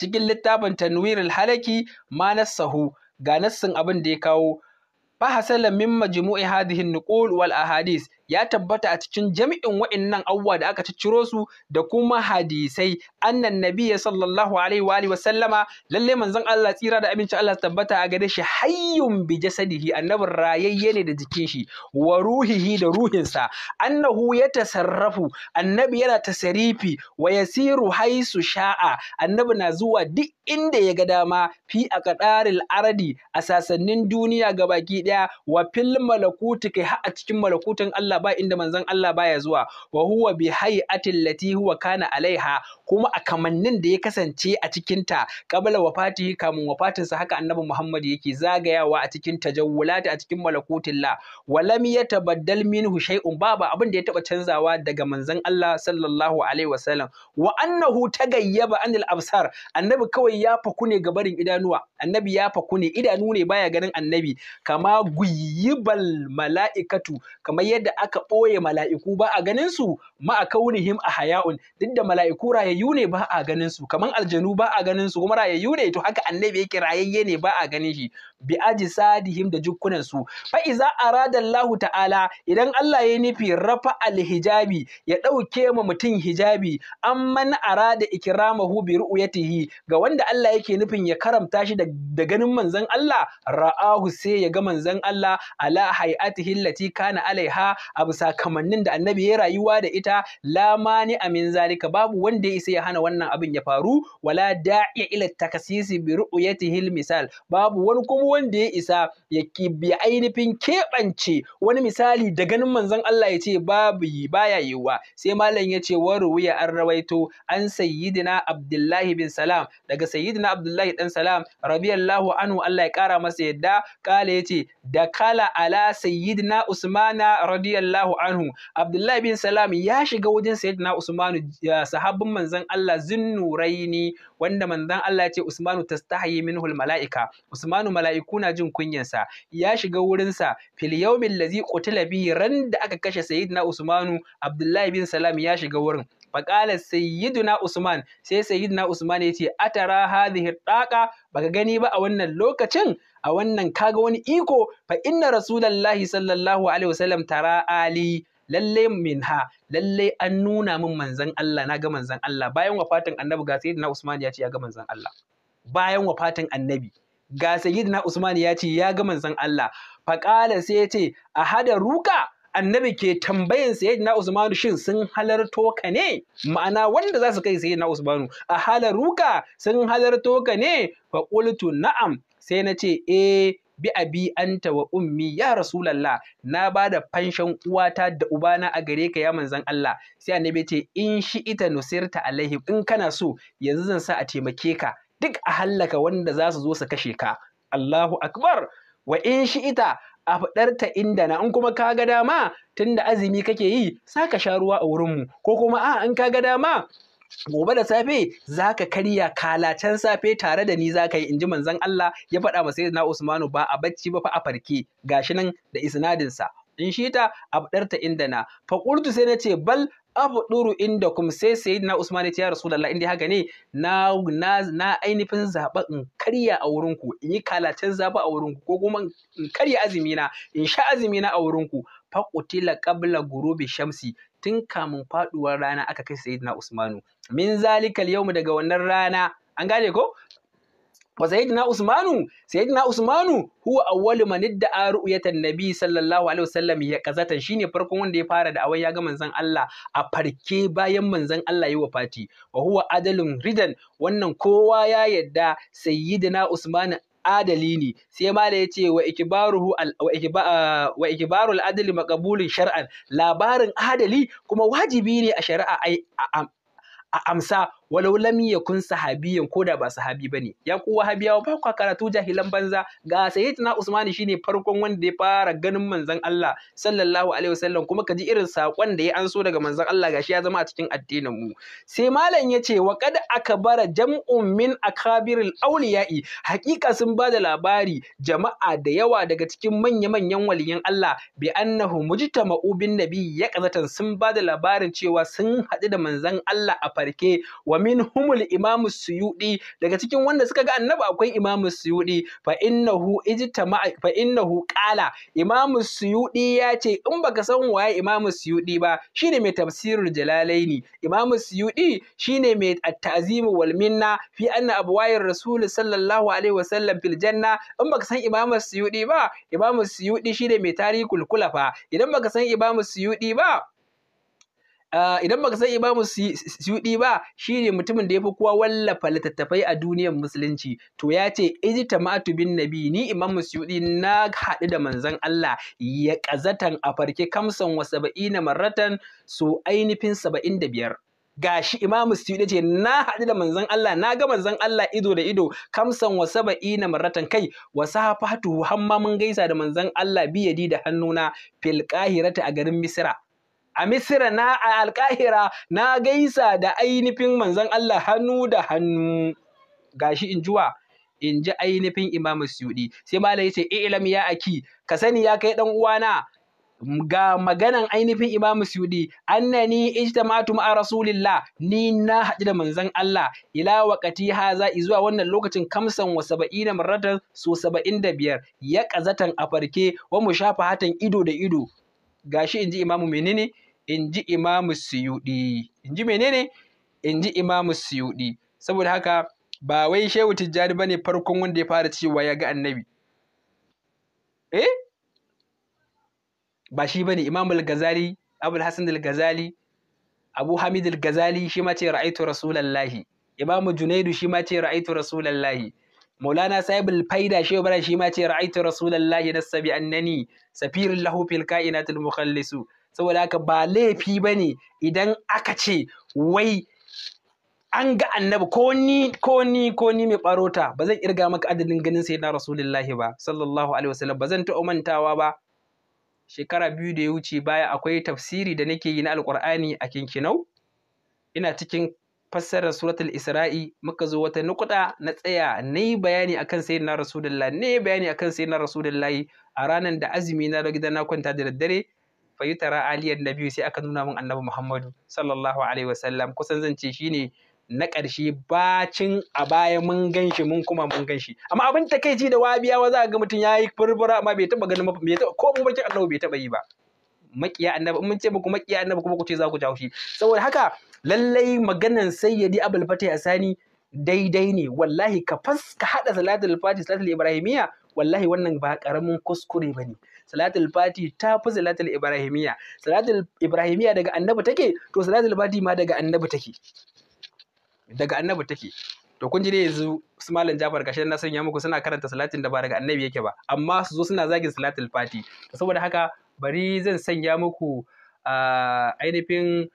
S1: cikin littafin Tanwir halaki ma nassahu ga nassin abin da ya kawo فحصل من hadihin هذه النقول والأحاديث ya tabbata a cikin jami'in wa'innan awwa da aka cicciro su da kuma hadisai annan nabiyya sallallahu alaihi wa alihi sallama lalle manzon Allah tsira da amincin Allah tabbata a gare shi hayyun bi jasadihi annabin rayayye ne da jikin shi wa ruhihi da ruhin sa, annahu yatasarrafu annabi yana tasarifi wa yasiru haisu sha'a annabi na zuwa duk inda ya ga dama fi a kadaril ardi a sasannin duniya gabaki daya wa fil malakuti kai har a cikin malakutan Allah Allah ba inda manzon Allah baya zuwa wa huwa bi hay'atil lati huwa kana alaiha kuma a kamannin da ya kasance a cikin ta qabla wafatihi kamun sa haka annabi Muhammad yake zagayawa a cikin tajawulati a cikin malakutillah walam yatabaddal minhu shay'un baba abin da ya taba canzawa daga manzon Allah sallallahu alaihi wasallam wa annahu tagayyaba anil absar annabi kawai ya faku ne gabarin idanuwa annabi ya faku ne idanu ne baya ganin annabi kama guyibal mala'ikatu kamar yadda aka ɓoye mala'iku ba a ganin su ma a kaunihim a haya'un duk da mala'iku rayayyu ne ba a ganin su kamar aljanu ba a ganin su kuma rayayyu ne to haka annabi yake rayayye ne ba a ganin shi bi aji sadihim da jukkunan su fa iza arada Allah ta'ala idan Allah ya nufi rafa alhijabi ya ɗauke ma mutum hijabi amman arada ikramahu bi ru'yatihi ga wanda Allah yake nufin ya karamta shi da ganin manzon Allah ra'ahu sai ya ga manzon Allah ala hay'atihi allati kana alaiha abu sakamannin da annabi ya rayuwa da ita Lamani mani amin zalika babu wanda ya isa ya hana wannan abin ya faru wala da'iya ila takasisi bi ru'yatihi misal babu wani kuma wanda ya isa ya bi ainifin keɓance wani misali da ganin manzon Allah ya ce babu yi baya yiwa sai malam ya ce wa ruwiya an rawaito an sayyidina Abdullahi bin Salam daga sayyidina Abdullahi dan Salam radiyallahu anhu Allah ya kara masa yadda kala yace da kala ala sayyidina Usmana radiyallahu radiyallahu anhu Abdullahi bin Salam ya shiga wajen Sayyidina Usmanu sahabbin manzon Allah zinnuraini wanda manzon Allah ya ce Usmanu tastahi minhu malaika Usmanu mala'iku na jin kunyansa ya shiga wurinsa fil yawmin lazi qutila bihi da aka kashe Sayyidina Usmanu Abdullahi bin Salam ya shiga wurin faƙalar sayyiduna Usman sai na Usman ya ce atara hadhihi daqa baka gani ba a wannan lokacin a wannan kaga wani iko fa inna rasulullahi sallallahu alaihi wasallam tara ali lalle minha lalle an nuna min manzon Allah na ga manzon Allah bayan wafatin annabi ga sayyidina Usman ya ce ya ga manzon Allah bayan wafatin annabi ga sayyidina Usman ya ce ya ga manzon Allah fa qala sai ya ce a hada ruka annabi ke tambayan sayyidina Usman shin sun halarto ka ne ma'ana wanda za su kai sayyidina Usman. a ruka sun halarto ka ne fa qultu na'am sai na ce eh bi a bi anta wa ummi ya rasulallah na ba da fanshan uwata da ubana a gare ka ya manzan Allah sai annabi ce in shi ita nusirta alaihi in kana so yanzu zan sa a taimake ka duk a hallaka wanda za su zo su kashe ka Allahu akbar wa in shi ita a ta inda na in kuma ka ga dama tunda azumi kake yi saka sha ruwa a wurinmu ko kuma a in ka ga dama gobe da safe za ka karya kalacen safe tare da ni za ka yi In inji manzon Allah ya faɗa ma sayyidina Usmanu ba a bacci ba fa a farke gashi nan da isnadin in shi ta abdarta inda na fa sai sai ce bal abduru inda kum sai sayyidina Usmanu ya Rasulullah inda haka ne na na na ainihin zaba in karya a wurin ku in yi kalacen zaba a wurin ku ko kuma in karya azumi na in sha azumi na a wurin ku fa qutila qabla ghurubi shamsi tun kamun faɗuwar rana aka kai sayyidina usmanu min zalikal mu daga wannan rana an gane ko wa sayyidina usmanu sayyidina usmanu huwa awwalu man idda'a ru'yatan nabi sallallahu alaihi wasallam ya kazatan shine farkon wanda ya fara da'awar ya ga manzon Allah a farke bayan manzon Allah ya wafati wa huwa adalun ridan wannan kowa ya yadda sayyidina usmanu adali ne sai mala ya ce wa ikibaruhu wa ikibarul adli maqbulun shar'an labarin adali kuma wajibi ne a shari'a a amsa walau lam yakun sahabiyan ko da ba sahabi bane ya ku wahabiyawa ba ku karatu jahilan banza ga sayyidina usman shine farkon wanda ya fara ganin manzon Allah sallallahu alaihi wasallam kuma kaji irin sakon da ya anso daga manzon Allah gashi ya zama a cikin addinin mu sai malam yace wa qad akbara jam'un min akabiril awliya'i Hakika sun bada labari jama'a da yawa daga cikin manya-manyan waliyan Allah bi annahu mujtama'u bin nabi ya kazatan sun bada labarin cewa sun haɗu da manzon Allah a farke wa Amin humul imamu suyudi daga cikin wanda suka ga annabi akwai imamu suyudi fa innahu ijtama qala imamu suyudi ya ce in baka san waya imamu suyudi ba shine mai tafsirin jalalaini ne. suyudi shine mai at-ta'zim wal minna fi anna abwayir rasul sallallahu alaihi wasallam in baka san imamu suyudi ba imamu suyudi shine mai tarikul kulafa idan baka san imamu suyudi ba Ah, idan baka san Imamu Suyuti ba shi ne mutumin da ya fi kowa wallafa littattafai a duniyar musulunci to ya ce "Iji ijtama'tu bin nabi ni Imamu Suyuti na haɗu da manzon Allah ya kazatan a farke kamsan wa saba'ina marratan so ainihin saba'in da biyar gashi Imamu Suyuti ce na haɗu da manzon Allah na ga manzon Allah ido da ido kamsan wa saba'ina marratan kai wa sahafatu hamma mun gaisa da manzon Allah biyadi da hannuna fil qahirati a garin Misra a Misira na a Alkahira na gaisa da ainihin manzon Allah hannu da hannu gashi in juwa in ji ainihin Imam Suyudi sai malai yace ilam ya aki ka sani ya kai dan uwana ga maganan ainihin Imam Suyudi annani ijtama'tu ma'a rasulillah ni na haɗu da manzon Allah ila waqati haza zuwa wannan lokacin kamsan wa 70 marratan so biyar. ya kazatan a farke wa mu mushafahatan ido da ido gashi ji imamu menene in ji imamu suyuɗi in ji menene in ji imamu suyuɗi saboda haka ba wai shehu tijjani ba ne farkon wanda ya fara cewa ya ga annabi eh ba shi ba ne al gazali abul hasan al gazali abu hamid al gazali shi ma ce ra'aitu rasulallahi imamu junaidu shi ma ce ra'aitu rasulallahi maulana sahib al-faida shi bara shi ma ce ra'aitu na nasabi annani safirul lahu fil kainatil saboda haka ba laifi ba ne idan aka ce wai an ga annabi ko ni ko ni ko ni mai barota ba zan irga maka adadin ganin sayyidina rasulullahi ba sallallahu alaihi wasallam ba zan ta'o mantawa ba shekara biyu da ya wuce baya akwai tafsiri da nake yi na alqur'ani a kinkinau ina cikin fassarar suratul isra'i muka zo wata nukuda na tsaya nayi bayani akan sayyidina rasulullahi ne bayani akan sayyidina rasulullahi a ranar da azumi na gida na kwanta da daddare fayutara aliyan nabiyu sai aka nuna min annabi muhammadu sallallahu alaihi wasallam kusan zan ce shine na ƙarshe bacin a baya mun gan shi mun kuma mun gan shi amma abin ta ji da wabiyawa za ga mutum yi furfura amma bai taɓa ganin bai taba ko bakin annabi bai taɓa yi ba makiya annabi mun ce muku makiya annabi kuma ku ce za ku jawo shi saboda haka lallai maganan sayyidi abul fatih asani daidai ne wallahi ka fas ka hada salatul fatih salatul ibrahimiyya wallahi wannan ba karamin kuskure bane salatul fati ta fi salatul ibrahimiya salatul ibrahimiya daga annabi take to salatul fati ma daga annabi take daga annabi take to kun ji ne yanzu su Jafar gashi na sanya muku suna karanta salatin da ba daga annabi yake ba amma su zo suna zagin salatul fati saboda haka bari zan sanya muku ah, ainihin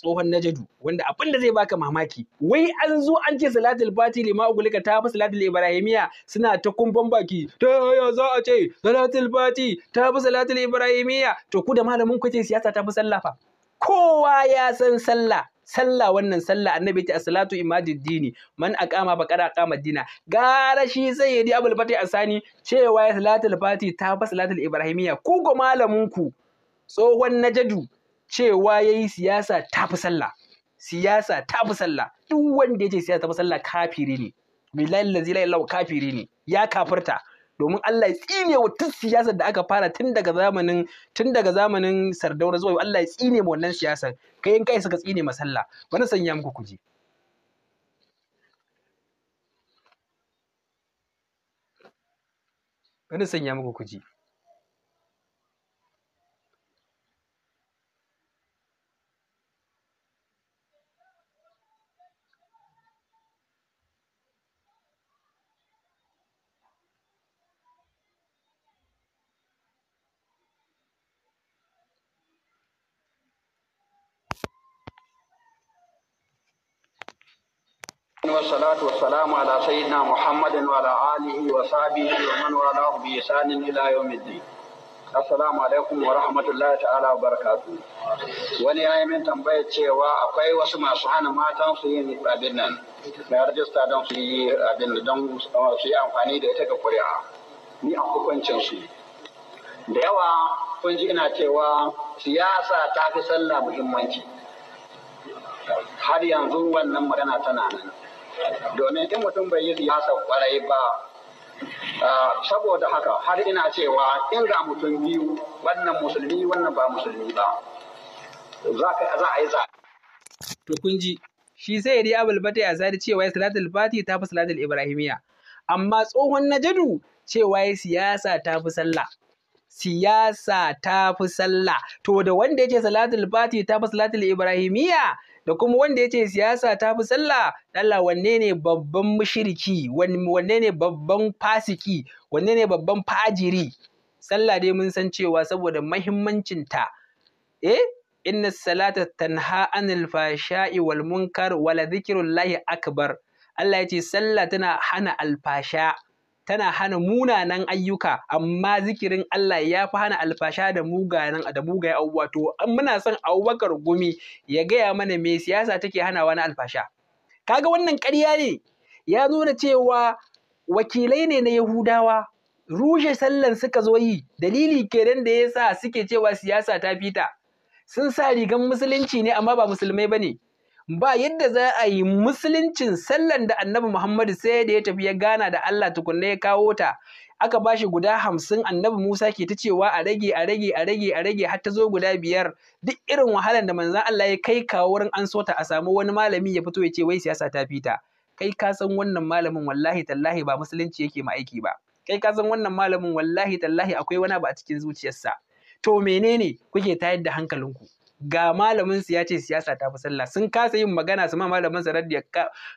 S1: tsohon najadu wanda abin da zai baka mamaki wai an zo an ce salatul fati lima ugulika ta fi salatul ibrahimiya suna ta kumban baki ta yaya za a ce salatul fati ta fi salatul ibrahimiya to ku da malamin ku ce siyasa ta fi sallah fa kowa ya san sallah sallah wannan sallah annabi ta salatu imadid dini man aqama ba aqama dina gara shi di abul fati asani cewa salatul fati ta fi salatul ibrahimiya ku go malamin ku tsohon najadu cewa ya yi siyasa ta fi sallah siyasa ta fi sallah duk wanda ya ce siyasa ta fi sallah kafiri ne billahi allazi la ilaha kafiri ne ya kafirta domin Allah ya tsine wa tun siyasar da aka fara tun daga zamanin tun daga zamanin Sardaura zuwa Allah ya tsine wa wannan siyasar kai in kai suka tsine ma sallah bana sanya muku kuji bana sanya muku kuji
S2: والسلام على سيدنا محمد وعلى آله وصحبه ومن والاه بإحسان إلى يوم الدين Assalamu alaikum wa rahmatullahi ta'ala wa Wani ya yi min tambayar
S3: cewa akwai wasu masu hana matan su yin abin nan, na rajista don su yi
S4: abin don su yi amfani da ita ga kuri'a. Ni a hukuncin su.
S1: Da yawa kun ji ina cewa siyasa ta fi sallah muhimmanci.
S2: Har yanzu wannan magana tana nan. domin in mutum bai yi siyasa kwarai ba saboda haka har ina cewa in ga mutum biyu wannan musulmi wannan ba musulmi ba za a yi za
S1: to kun ji shi sai yadda abul bata ya zari cewa salatul fati ta fi salatul ibrahimiya amma tsohon na jadu cewa siyasa ta fi sallah siyasa ta fi sallah to da wanda yake salatul fati ta fi salatul ibrahimiya da kuma wanda ya ce siyasa ta fi sallah Allah wanne ne babban mushiriki wanne ne babban fasiki wanne ne babban fajiri sallah dai mun san cewa saboda mahimmancinta eh inna salata tanha anil fashai wal munkar wala zikrullahi akbar Allah ya ce sallah tana hana alfasha tana hana munanan ayyuka amma zikirin Allah ya fi hana alfasha da mugayen da mugayen abubuwa to muna son Abubakar Gumi ya gaya mana me siyasa take hana wani alfasha kaga wannan ƙarya ne ya nuna cewa wakilai ne na Yahudawa rushe sallan suka zo yi dalili kenan da yasa suke cewa siyasa ta fita sun sa rigan musulunci ne amma ba musulmai bane ba yadda za a yi musuluncin sallan da annabi Muhammadu sai da ya tafi ya gana da Allah tukunna ya kawo ta aka ba shi guda hamsin annabi Musa ke ta cewa a rage a rage a rage a rage har ta zo guda biyar duk irin wahalar da manzan Allah ya kai kawo wurin an so ta a samu wani malami ya fito ya ce wai siyasa ta fita kai ka san wannan malamin wallahi tallahi ba musulunci yake ma aiki ba kai ka san wannan malamin wallahi tallahi akwai wani abu a cikin zuciyarsa to menene kuke tayar da hankalinku ga malamin su ya ce siyasa ta fi sallah sun kasa yin magana su ma malamin su raddi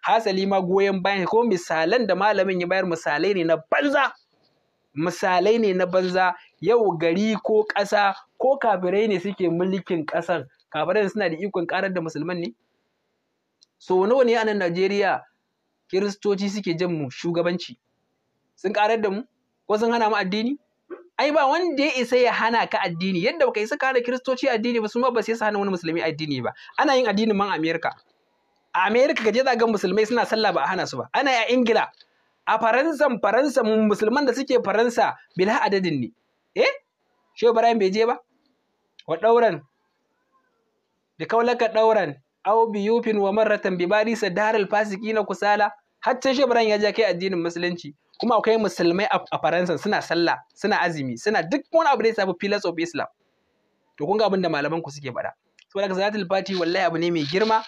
S1: hasali ma goyon bayan ko misalan da malamin ya bayar misalai ne na banza misalai ne na banza yau gari ko ƙasa ko kafirai ne suke mulkin ƙasar kafirai suna da ikon karar da musulman ne so nawa ne a nan Najeriya kiristoci suke jan mu shugabanci sun karar da mu ko sun hana mu addini ai ba wanda ya isa ya hana ka addini yadda baka isa hana kiristoci addini ba su ma ba su isa hana wani musulmi addini ba ana yin addinin man amerika a amerika gaje za ga musulmai suna sallah ba a hana su ba ana a ingila a faransan faransa musulman da suke faransa bila adadin ne eh shehu ibrahim bai je ba wa dauran bi kaulaka dauran aw bi yufin wa maratan bi barisa daral fasikina kusala hatta shehu ibrahim ya je kai addinin musulunci kuma akwai musulmai a faransa suna sallah suna azumi suna duk wani abu da ya pillars of islam to kun ga abin da malaman ku suke faɗa saboda salatul fati wallahi abu ne mai girma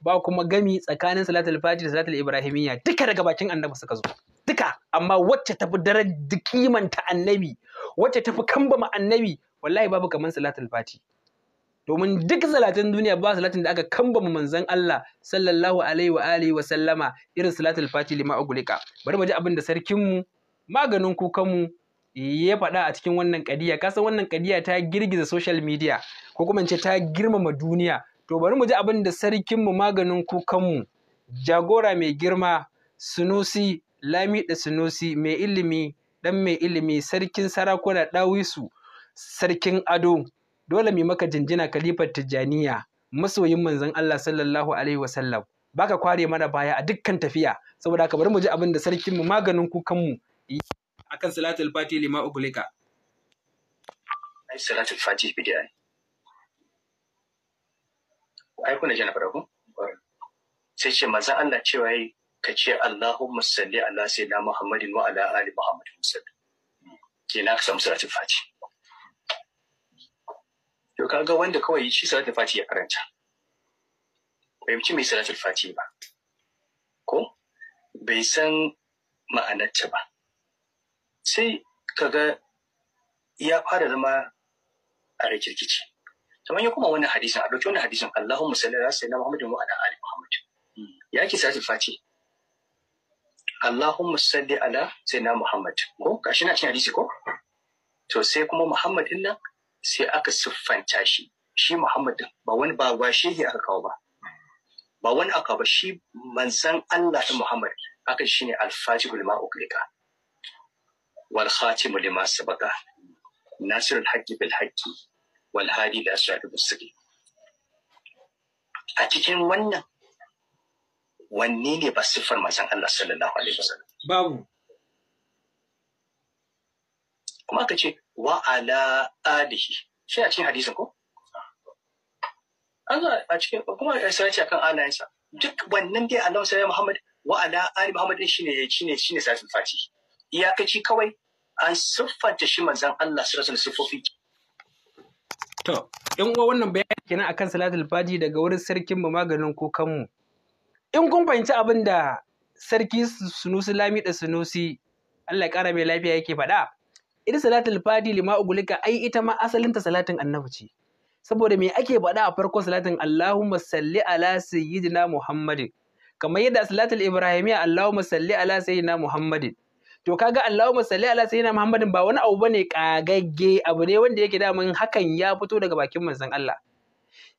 S1: ba kuma gami tsakanin salatul fati da salatul ibrahimiyya duka daga bakin annabi suka zo duka amma wacce tafi daren ta annabi wacce tafi kambama annabi wallahi babu kaman salatul fati domin duk salatin duniya ba salatin da aka mu manzon Allah sallallahu alaihi wa alihi wa sallama irin salatul fati lima agulika bari mu ji abin da sarkin mu maganin kukan mu ya faɗa a cikin wannan kadiya kasan wannan kadiya ta girgiza social media ko kuma ce ta girmama duniya to bari mu ji abin da sarkin mu maganin kukan mu jagora mai girma sunusi lami da sunusi mai ilimi dan mai ilimi sarkin sarakuna dawisu sarkin ado dole mu maka jinjina kalifar tijjaniya masoyin manzon Allah sallallahu alaihi wasallam baka kware mana baya a dukkan tafiya saboda ka bari mu ji abin da sarkin mu maganin kukan mu akan salatul fati lima ugulika ai salatul fati bid'a
S4: ai kuna jana farko sai ce manzon Allah cewa yi ka ce Allahumma salli ala sayyidina Muhammadin wa ala ali Muhammadin sallallahu alaihi wasallam kenan ka samu salatul fati to kaga wanda kawai shi salatul fati ya karanta fahimci mai salatul fati ba ko bai san ma'anarta ba sai kaga ya fara zama a rikirkici kamar ya kuma wannan hadisin a ɗauki wannan hadisin Allahumma salli ala sayyidina Muhammadin wa ala ali Muhammad ya ki salatul fati Allahumma salli ala sayyidina Muhammad ko gashi na cin hadisi ko to sai kuma Muhammad din nan sai aka siffanta shi shi Muhammad ba wani ba ba ne aka kawo ba ba wani aka ba shi manzan Allah ta Muhammad aka shi ne alfajibul ma'ukrika wal khatimu lima sabaka nasirul haqqi bil haqqi wal hadi da asrarul mustaqim a cikin wannan wanne ne ba siffar manzan Allah sallallahu alaihi wasallam babu kuma aka ce wa ala alihi sai a cikin hadisin ko Allah a cikin kuma ya sai akan alayensa duk wannan dai Allah sai Muhammad wa ala ali Muhammad shine shine shine sai fati iyakaci kawai an siffanta shi manzon Allah sallallahu alaihi
S1: wasallam To, in uwa wannan bayani kenan akan salatul fati daga wurin sarkin mu maganin kokanmu. In kun fahimci abin da sarki Sunusi Lami da Sunusi Allah ya ƙara mai lafiya yake faɗa. ita salatul fadi lima ugulika ai ita ma asalinta salatin annabi ce saboda me ake faɗa a farko salatin Allahumma salli ala sayyidina Muhammadin kamar yadda salatul ibrahimiyya Allahumma salli ala sayyidina Muhammadin to kaga Allahumma salli ala sayyidina Muhammadin ba wani abu bane kagagge abu ne wanda yake daman hakan ya fito daga bakin manzon Allah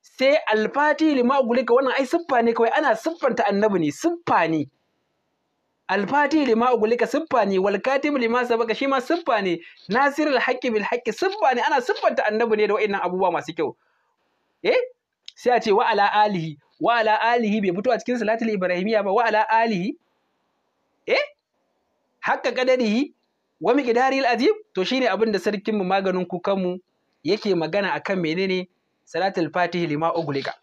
S1: sai alfati lima ugulika wannan ai siffa ne kawai ana siffanta annabi ne siffa ne alfati lima ugulika siffa ne wal katim lima sabaka shi ma siffa ne nasirul haqqi bil haqqi ana siffanta annabi ne da wa'annan abubuwa masu kyau eh sai a ce wa ala alihi wa ala alihi bai fito a cikin salatul ibrahimiyya ba wa ala alihi eh hakka qadarihi wa miqdaril azim to shine abin da sarkin mu maganin kukan mu yake magana akan menene salatul fatihi lima ugulika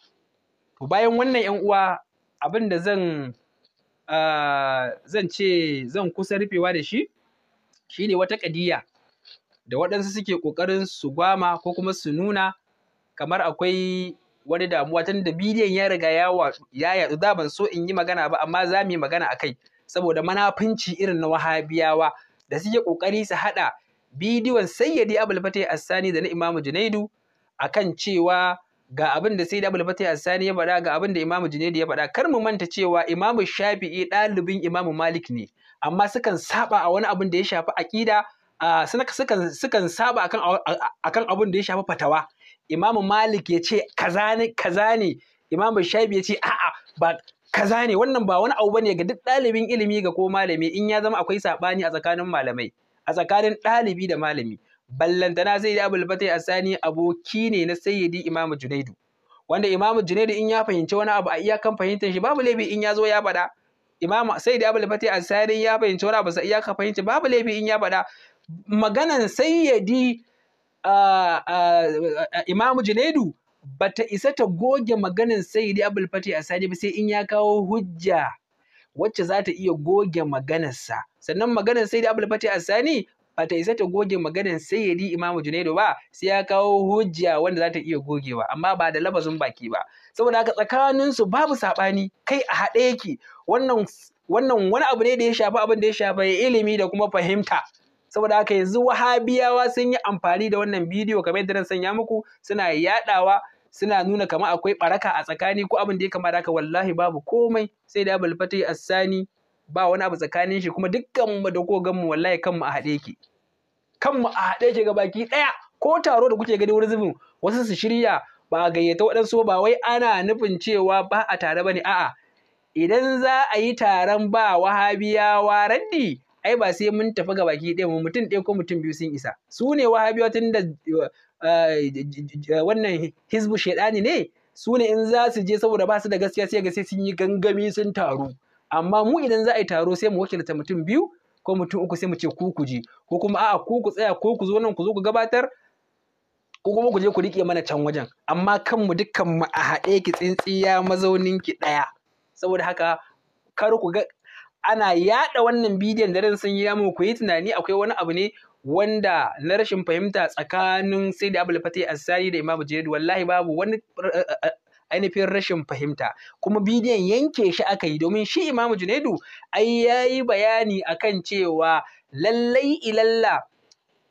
S1: to bayan wannan yan uwa abin da zan zan ce zan kusa rufewa da shi shine wata kadiya da waɗansu suke ƙoƙarin su gwama ko kuma su nuna kamar akwai wani damuwa tun da bidiyon ya riga ya yaɗu za ban so in yi magana ba amma za mu yi magana a kai saboda manafinci irin na wahabiyawa da suke ƙoƙari su haɗa bidiyon sayyadi abulfatai a assani da na imamu junaidu akan cewa ga abin da Sayyid Abul Fatih As-Sani ya faɗa ga abin da Imam Junaidi ya faɗa kar mu manta cewa Imam Shafi'i ɗalibin Imam Malik ne amma sukan saba a wani abin da ya shafi aqida sukan sukan saba akan akan abin da ya shafi fatawa Imam Malik ya ce kaza ne kaza ne Imam Shafi'i ya ce a'a ba kaza ne wannan ba wani abu bane ga duk ɗalibin ilimi ga ko malami in ya zama akwai sabani a tsakanin malamai a tsakanin ɗalibi da malami ballantana sai da abul fatai asani aboki ne na sayyidi imamu junaidu wanda imamu junaidu in ya fahimci wani abu a iyakan fahimtar shi babu laifi in ya zo ya faɗa imamu Sayyidi abul fatai asani ya fahimci wani abu sa iyakan fahimci babu laifi in ya faɗa maganan sayyidi imamu junaidu bata isa ta goge maganan sayyidi abul fatai asani ba sai in ya kawo hujja wacce za ta iya goge maganarsa sannan maganar sai da abul fati asani ba ta isa ta goge maganan di imamu junaidu ba sai ya kawo hujja wanda za ta iya gogewa amma ba da labazin baki ba saboda haka tsakaninsu babu sabani kai a haɗe yake wannan wannan wani abu ne da ya shafi abin da ya shafi ilimi da kuma fahimta saboda haka yanzu wahabiyawa sun yi amfani da wannan bidiyo kamar yadda na sanya muku suna yaɗawa suna nuna kamar akwai baraka a tsakani ko abin da ya kamata haka wallahi babu komai sai da abul asani ba wani abu tsakanin shi kuma dukkan mu da ko mu wallahi kanmu a haɗe yake kanmu a haɗe ke ga baki ɗaya ko taro da kuke gani wani zubin wasu su shirya ba a gayyata waɗansu ba wai ana nufin cewa ba a tare ba ne a'a idan za a yi taron ba wahabiyawa raddi ai ba sai mun tafi ga baki ɗaya mutum ɗaya ko mutum biyu sun isa su ne wahabiyawa tun da eh, eh, wannan hizbu shaidani ne su ne in za su je saboda ba su da gaskiya sai ga sai sun yi gangami sun taru amma mu idan za a yi taro sai mu wakilta mutum biyu ko mutum uku sai mu ce ku ku je ko kuma a'a ku ku tsaya ko ku zo nan ku zo ku gabatar ko kuma ku je ku rike mana can wajen amma kanmu dukkan mu a haɗe ki tsintsiya mazaunin ki ɗaya saboda haka kar ku ga ana yaɗa wannan bidiyon daren ran sun yi mu ku yi tunani akwai wani abu ne wanda na rashin fahimta tsakanin sai da abul fatih asari da imamu jirid wallahi babu wani ainihin rashin fahimta kuma bidiyon yanke shi aka yi domin shi imamu junaidu ai ya yi bayani akan cewa lallai ilalla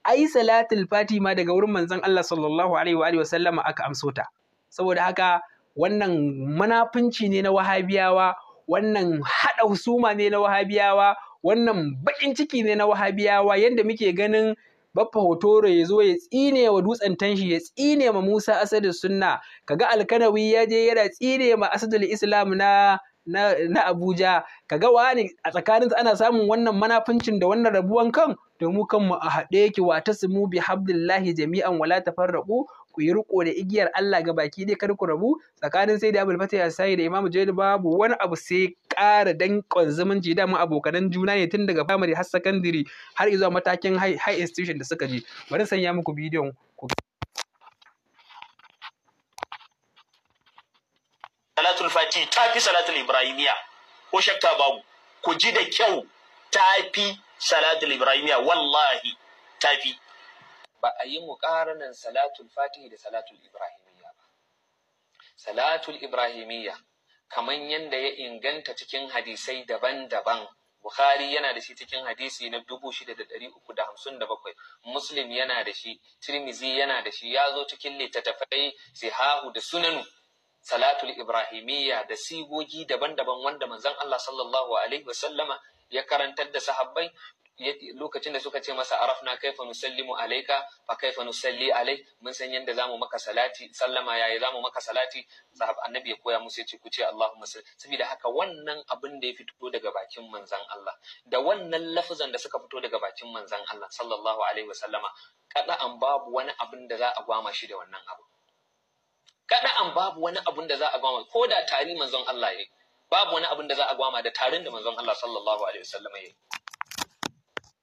S1: ai salatul fati ma daga wurin manzon Allah sallallahu alaihi wa alihi aka amso ta saboda haka wannan munafunci ne na wahabiyawa wannan haɗa husuma ne na wahabiyawa wannan baƙin ciki ne na wahabiyawa yadda muke ganin baffa hotoro ya zo ya tsine wa dutsen tanshi ya tsine ma Musa Asadul Sunna kaga Alkanawi ya je yana tsine ma Asadul Islam na na, na Abuja kaga wani a tsakaninsa ana samun wannan manafincin da wannan rabuwan kan to mu mu a haɗe yake wa tasmu bi habdillahi jami'an wala tafarraqu ku yi riko da igiyar Allah ga baki dai kar ku rabu tsakanin sai da Abul Fatih Asai da Imam Jaid babu wani abu sai ƙara danƙon zumunci mu abokanan juna ne tun daga primary har secondary har izuwa matakin high institution da suka je bari sanya muku bidiyon ku
S2: salatul fati ta fi salatul ibrahimiya ko shakka babu ku ji da kyau ta fi salatul ibrahimiya wallahi ta fi ba a yi muƙaranan salatul fatihi da salatul ibrahimiya ba salatul ibrahimiya kamar yadda ya inganta cikin hadisai daban-daban Bukhari yana da shi cikin hadisi na bakwai. Muslim yana da shi Tirmizi yana da shi ya zo cikin littattafai sihahu da sunanu salatul ibrahimiyya da sigogi daban-daban wanda manzon Allah sallallahu alaihi wasallama ya karantar da sahabbai lokacin da suka ce masa arafna kaifa nusallimu alayka fa kaifa nusalli alai mun san yanda zamu maka salati sallama yayi zamu maka salati sahab annabi ya koya musu yace ku ce Allahumma salli saboda haka wannan abin da ya fito daga bakin manzon Allah da wannan lafazan da suka fito daga bakin manzon Allah sallallahu alaihi wasallama kada an babu wani abin da za a gwama shi da wannan abu kada an babu wani abin da za a gwama ko da tari manzon Allah yayi babu wani abin da za a gwama da tarin da manzon Allah sallallahu alaihi wasallama yayi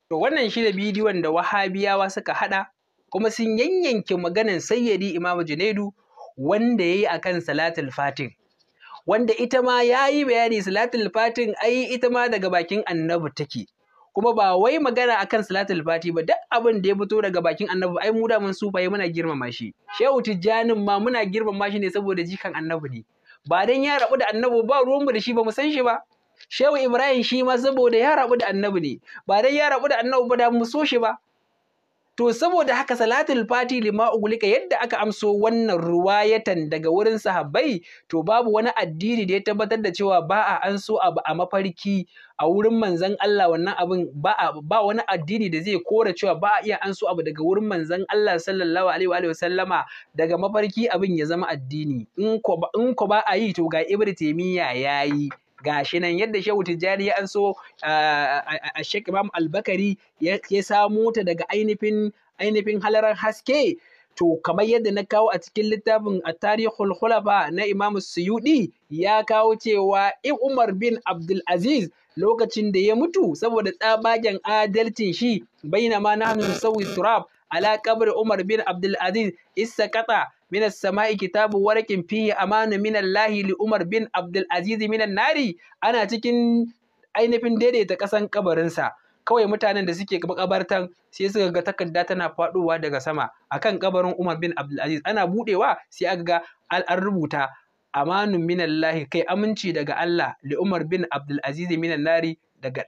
S1: To wannan shi da bidiyon da wahabiyawa suka haɗa kuma sun yanyanke maganan sayyadi imamu junaidu wanda ya yi a kan salatul fatin wanda ita ma ya yi bayani salatul fatin ai ita ma daga bakin annabi take kuma ba wai magana a kan salatul fati ba duk abin da ya fito daga bakin annabi ai mu da mun sufaye muna girmama shi shehu tijjanin ma muna girmama shi ne saboda jikan annabi ne ba dan ya rabu da annabi ba ruwanmu da shi ba mu san shi ba shehu ibrahim shi ma saboda ya rabu da annabi ne ba dai ya rabu da annabi ba da mu so shi ba to saboda haka salatul fati lima ugulika yadda aka amso wannan ruwayatan daga wurin sahabbai to babu wani addini da ya tabbatar da cewa ba a an so abu a mafarki a wurin manzon Allah wannan abin ba ba wani addini da zai kora cewa ba a iya an so abu daga wurin manzon Allah sallallahu alaihi wa sallama daga mafarki abin ya zama addini in ko ba a yi to ga Ibrahim ya yayi gashi nan yadda shehu tijjani ya anso a shek imam albakari ya samo ta daga ainihin halarar haske to kamar yadda na kawo a cikin littafin a tarihul khulafa na imam suyudi ya kawo cewa in umar bin abdul aziz lokacin da ya mutu saboda tsabagen adalcin shi ma na nahnu sauyi turab ala kabri umar bin abdul aziz isa kata من السماء كتاب ورق فيه أمان من الله لأمر بن عبد العزيز من النار أنا تكن daidaita ƙasan kabarinsa kawai mutanen da suke makabartan sai suka ga takarda tana faɗowa daga sama akan kabarin Umar bin Abdulaziz ana budewa sai aka ga an rubuta amanun minallahi kai aminci daga Allah li Umar bin Abdulaziz minan nari daga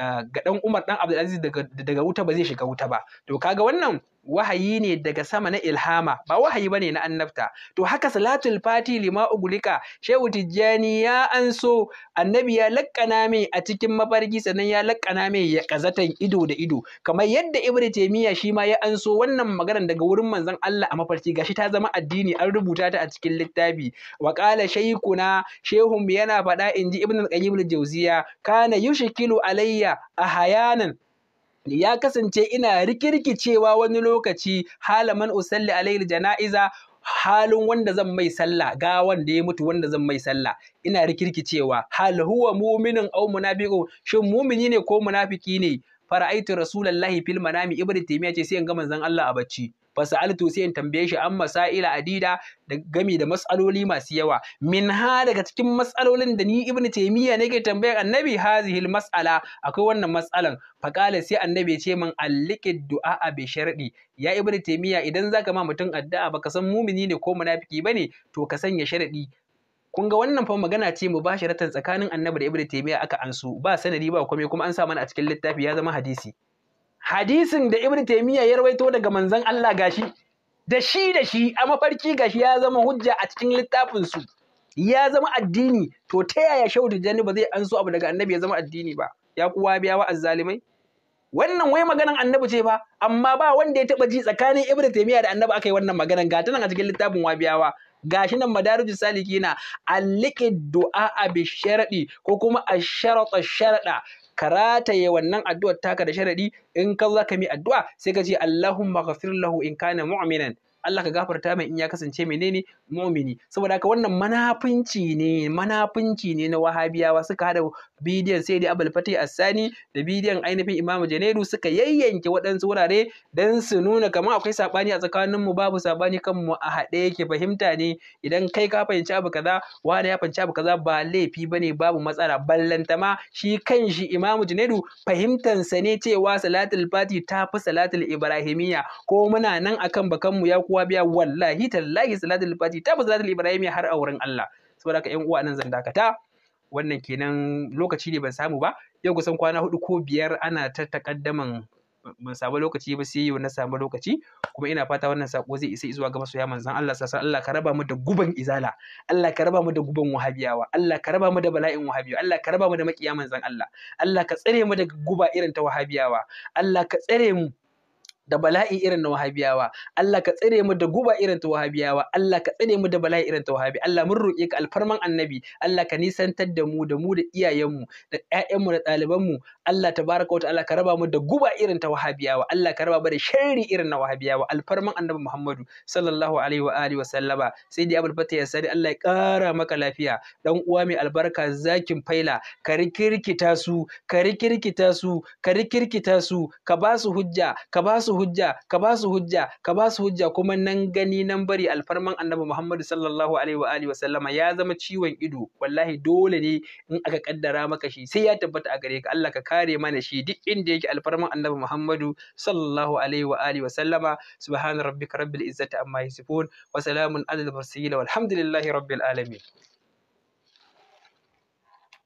S1: ah, ga dan Umar dan Abdulaziz daga daga wuta ba zai shiga wuta ba to kaga wannan wahayi ne daga sama na ilhama ba wahayi bane na annabta to haka salatul fati lima ugulika shehu tijjani ya anso annabi ya lakkana mai a cikin mafarki sannan ya lakkana mai ya kazatan ido da ido kamar yadda ibnu taymiya shi ma ya anso wannan maganar daga wurin manzon Allah a mafarki gashi ta zama addini an rubuta ta a cikin littafi wa qala shaykhuna shehun yana faɗa inji ibnu al-qayyim al-jawziya kana yushkilu alayya ahayanan ya kasance ina rikirkicewa wani lokaci halaman usalli alayhi jana'iza halin wanda zan mai sallah ga wanda ya mutu wanda zan mai sallah ina rikirkicewa hal huwa mu'minin aw munafiqun shin mu'mini ne ko munafiki ne fara'aitu rasulullahi fil manami ibnu taymiya ce sai in ga manzon Allah a bacci fasalatu sai in tambaye shi an masaila adida da gami da matsaloli masu yawa min ha daga cikin matsalolin da ni ibn taymiya nake tambayar annabi hazihil mas'ala akwai wannan mas'alan faqala sai annabi ce man alliki du'a bi sharadi ya ibn taymiya idan zaka ma mutum addu'a baka san mumini ne ko munafiki bane to ka sanya sharadi kun ga wannan fa magana ce mu basharatan tsakanin annabi da ibn taymiya aka ansu ba sanadi ba komai kuma an sa mana a cikin littafi ya zama hadisi hadisin da Ibn Taymiyyah ya rawaito daga manzon Allah gashi da shi da shi a mafarki gashi ya zama hujja a cikin littafin su ya zama addini to ta yaya shaudu jani ba zai anso abu daga annabi ya zama addini ba ya kuwa biya wa azzalimai wannan wai maganan annabi ce ba? amma ba wanda ya taba ji tsakanin Ibn Taymiyyah da annabi akai wannan maganan ga tunan a cikin littafin wabiyawa gashi nan madarijus salikina alliqid du'a bi sharadi ko kuma asharata sharada ka rataye wannan addu'ar taka da sharadi in ka zaka mi addu'a sai ka ce Allahumma ghafir lahu in kana mu'minan Allah ka gafarta mai in ya kasance menene mumini saboda haka wannan manafinci ne manafinci ne na wahabiyawa suka hada bidiyon sai da abul fatih assani da bidiyon ainihin imamu janairu suka yayyanke waɗansu wurare dan su nuna kamar akwai sabani a tsakanin mu babu sabani kan mu a haɗe yake fahimta ne idan kai ka fahimci abu kaza wani ya fahimci abu kaza ba laifi bane babu matsala ballanta ma shi kan shi imamu janairu fahimtansa ne cewa salatul fati ta fi salatul ibrahimiyya ko muna nan akan bakanmu ya kowa biya wallahi tallahi salatul fati ta salatul ibrahim har a wurin Allah saboda ka yan uwa nan zan dakata wannan kenan lokaci ne ban samu ba yau kusan kwana hudu ko biyar ana ta takaddaman ban samu lokaci ba sai yau na samu lokaci kuma ina fata wannan sako zai isa zuwa ga masoya manzon Allah sasa Allah ka raba mu da guban izala Allah ka raba mu da guban wahabiyawa Allah ka raba mu da bala'in wahabiyawa Allah ka raba mu da makiya manzon Allah Allah ka tsare mu daga guba irin ta wahabiyawa Allah ka tsare mu da bala'i irin na wahabiyawa Allah ka tsire mu da guba irin ta wahabiyawa Allah ka tsire mu da bala'i irin ta wahabi Allah mun roƙe ka alfarman annabi Allah ka nisantar da mu da mu da iyayenmu da ƴaƴanmu da ɗalibanmu Allah tabaraka wa ta'ala ka raba mu da guba irin ta wahabiyawa Allah ka raba mu da sharri irin na wahabiyawa alfarman annabi Muhammadu sallallahu alaihi wa alihi wa sallama sai dai abul fatah sai Allah ya kara maka lafiya dan uwa mai albarka zakin faila ka rikirkita su ka rikirkita su ka rikirkita su ka ba su hujja ka ba su hujja ka ba su hujja ka ba su hujja kuma nan gani nan bari alfarman annabi Muhammadu sallallahu alaihi wa alihi wa sallama ya zama ciwon ido wallahi dole ne in aka kaddara maka shi sai ya tabbata a gare ka Allah ka kare mana shi duk inda yake alfarman annabi Muhammadu sallallahu alaihi wa alihi wa sallama subhana rabbika rabbil izzati amma yasifun wa salamun alal mursalin walhamdulillahi rabbil alamin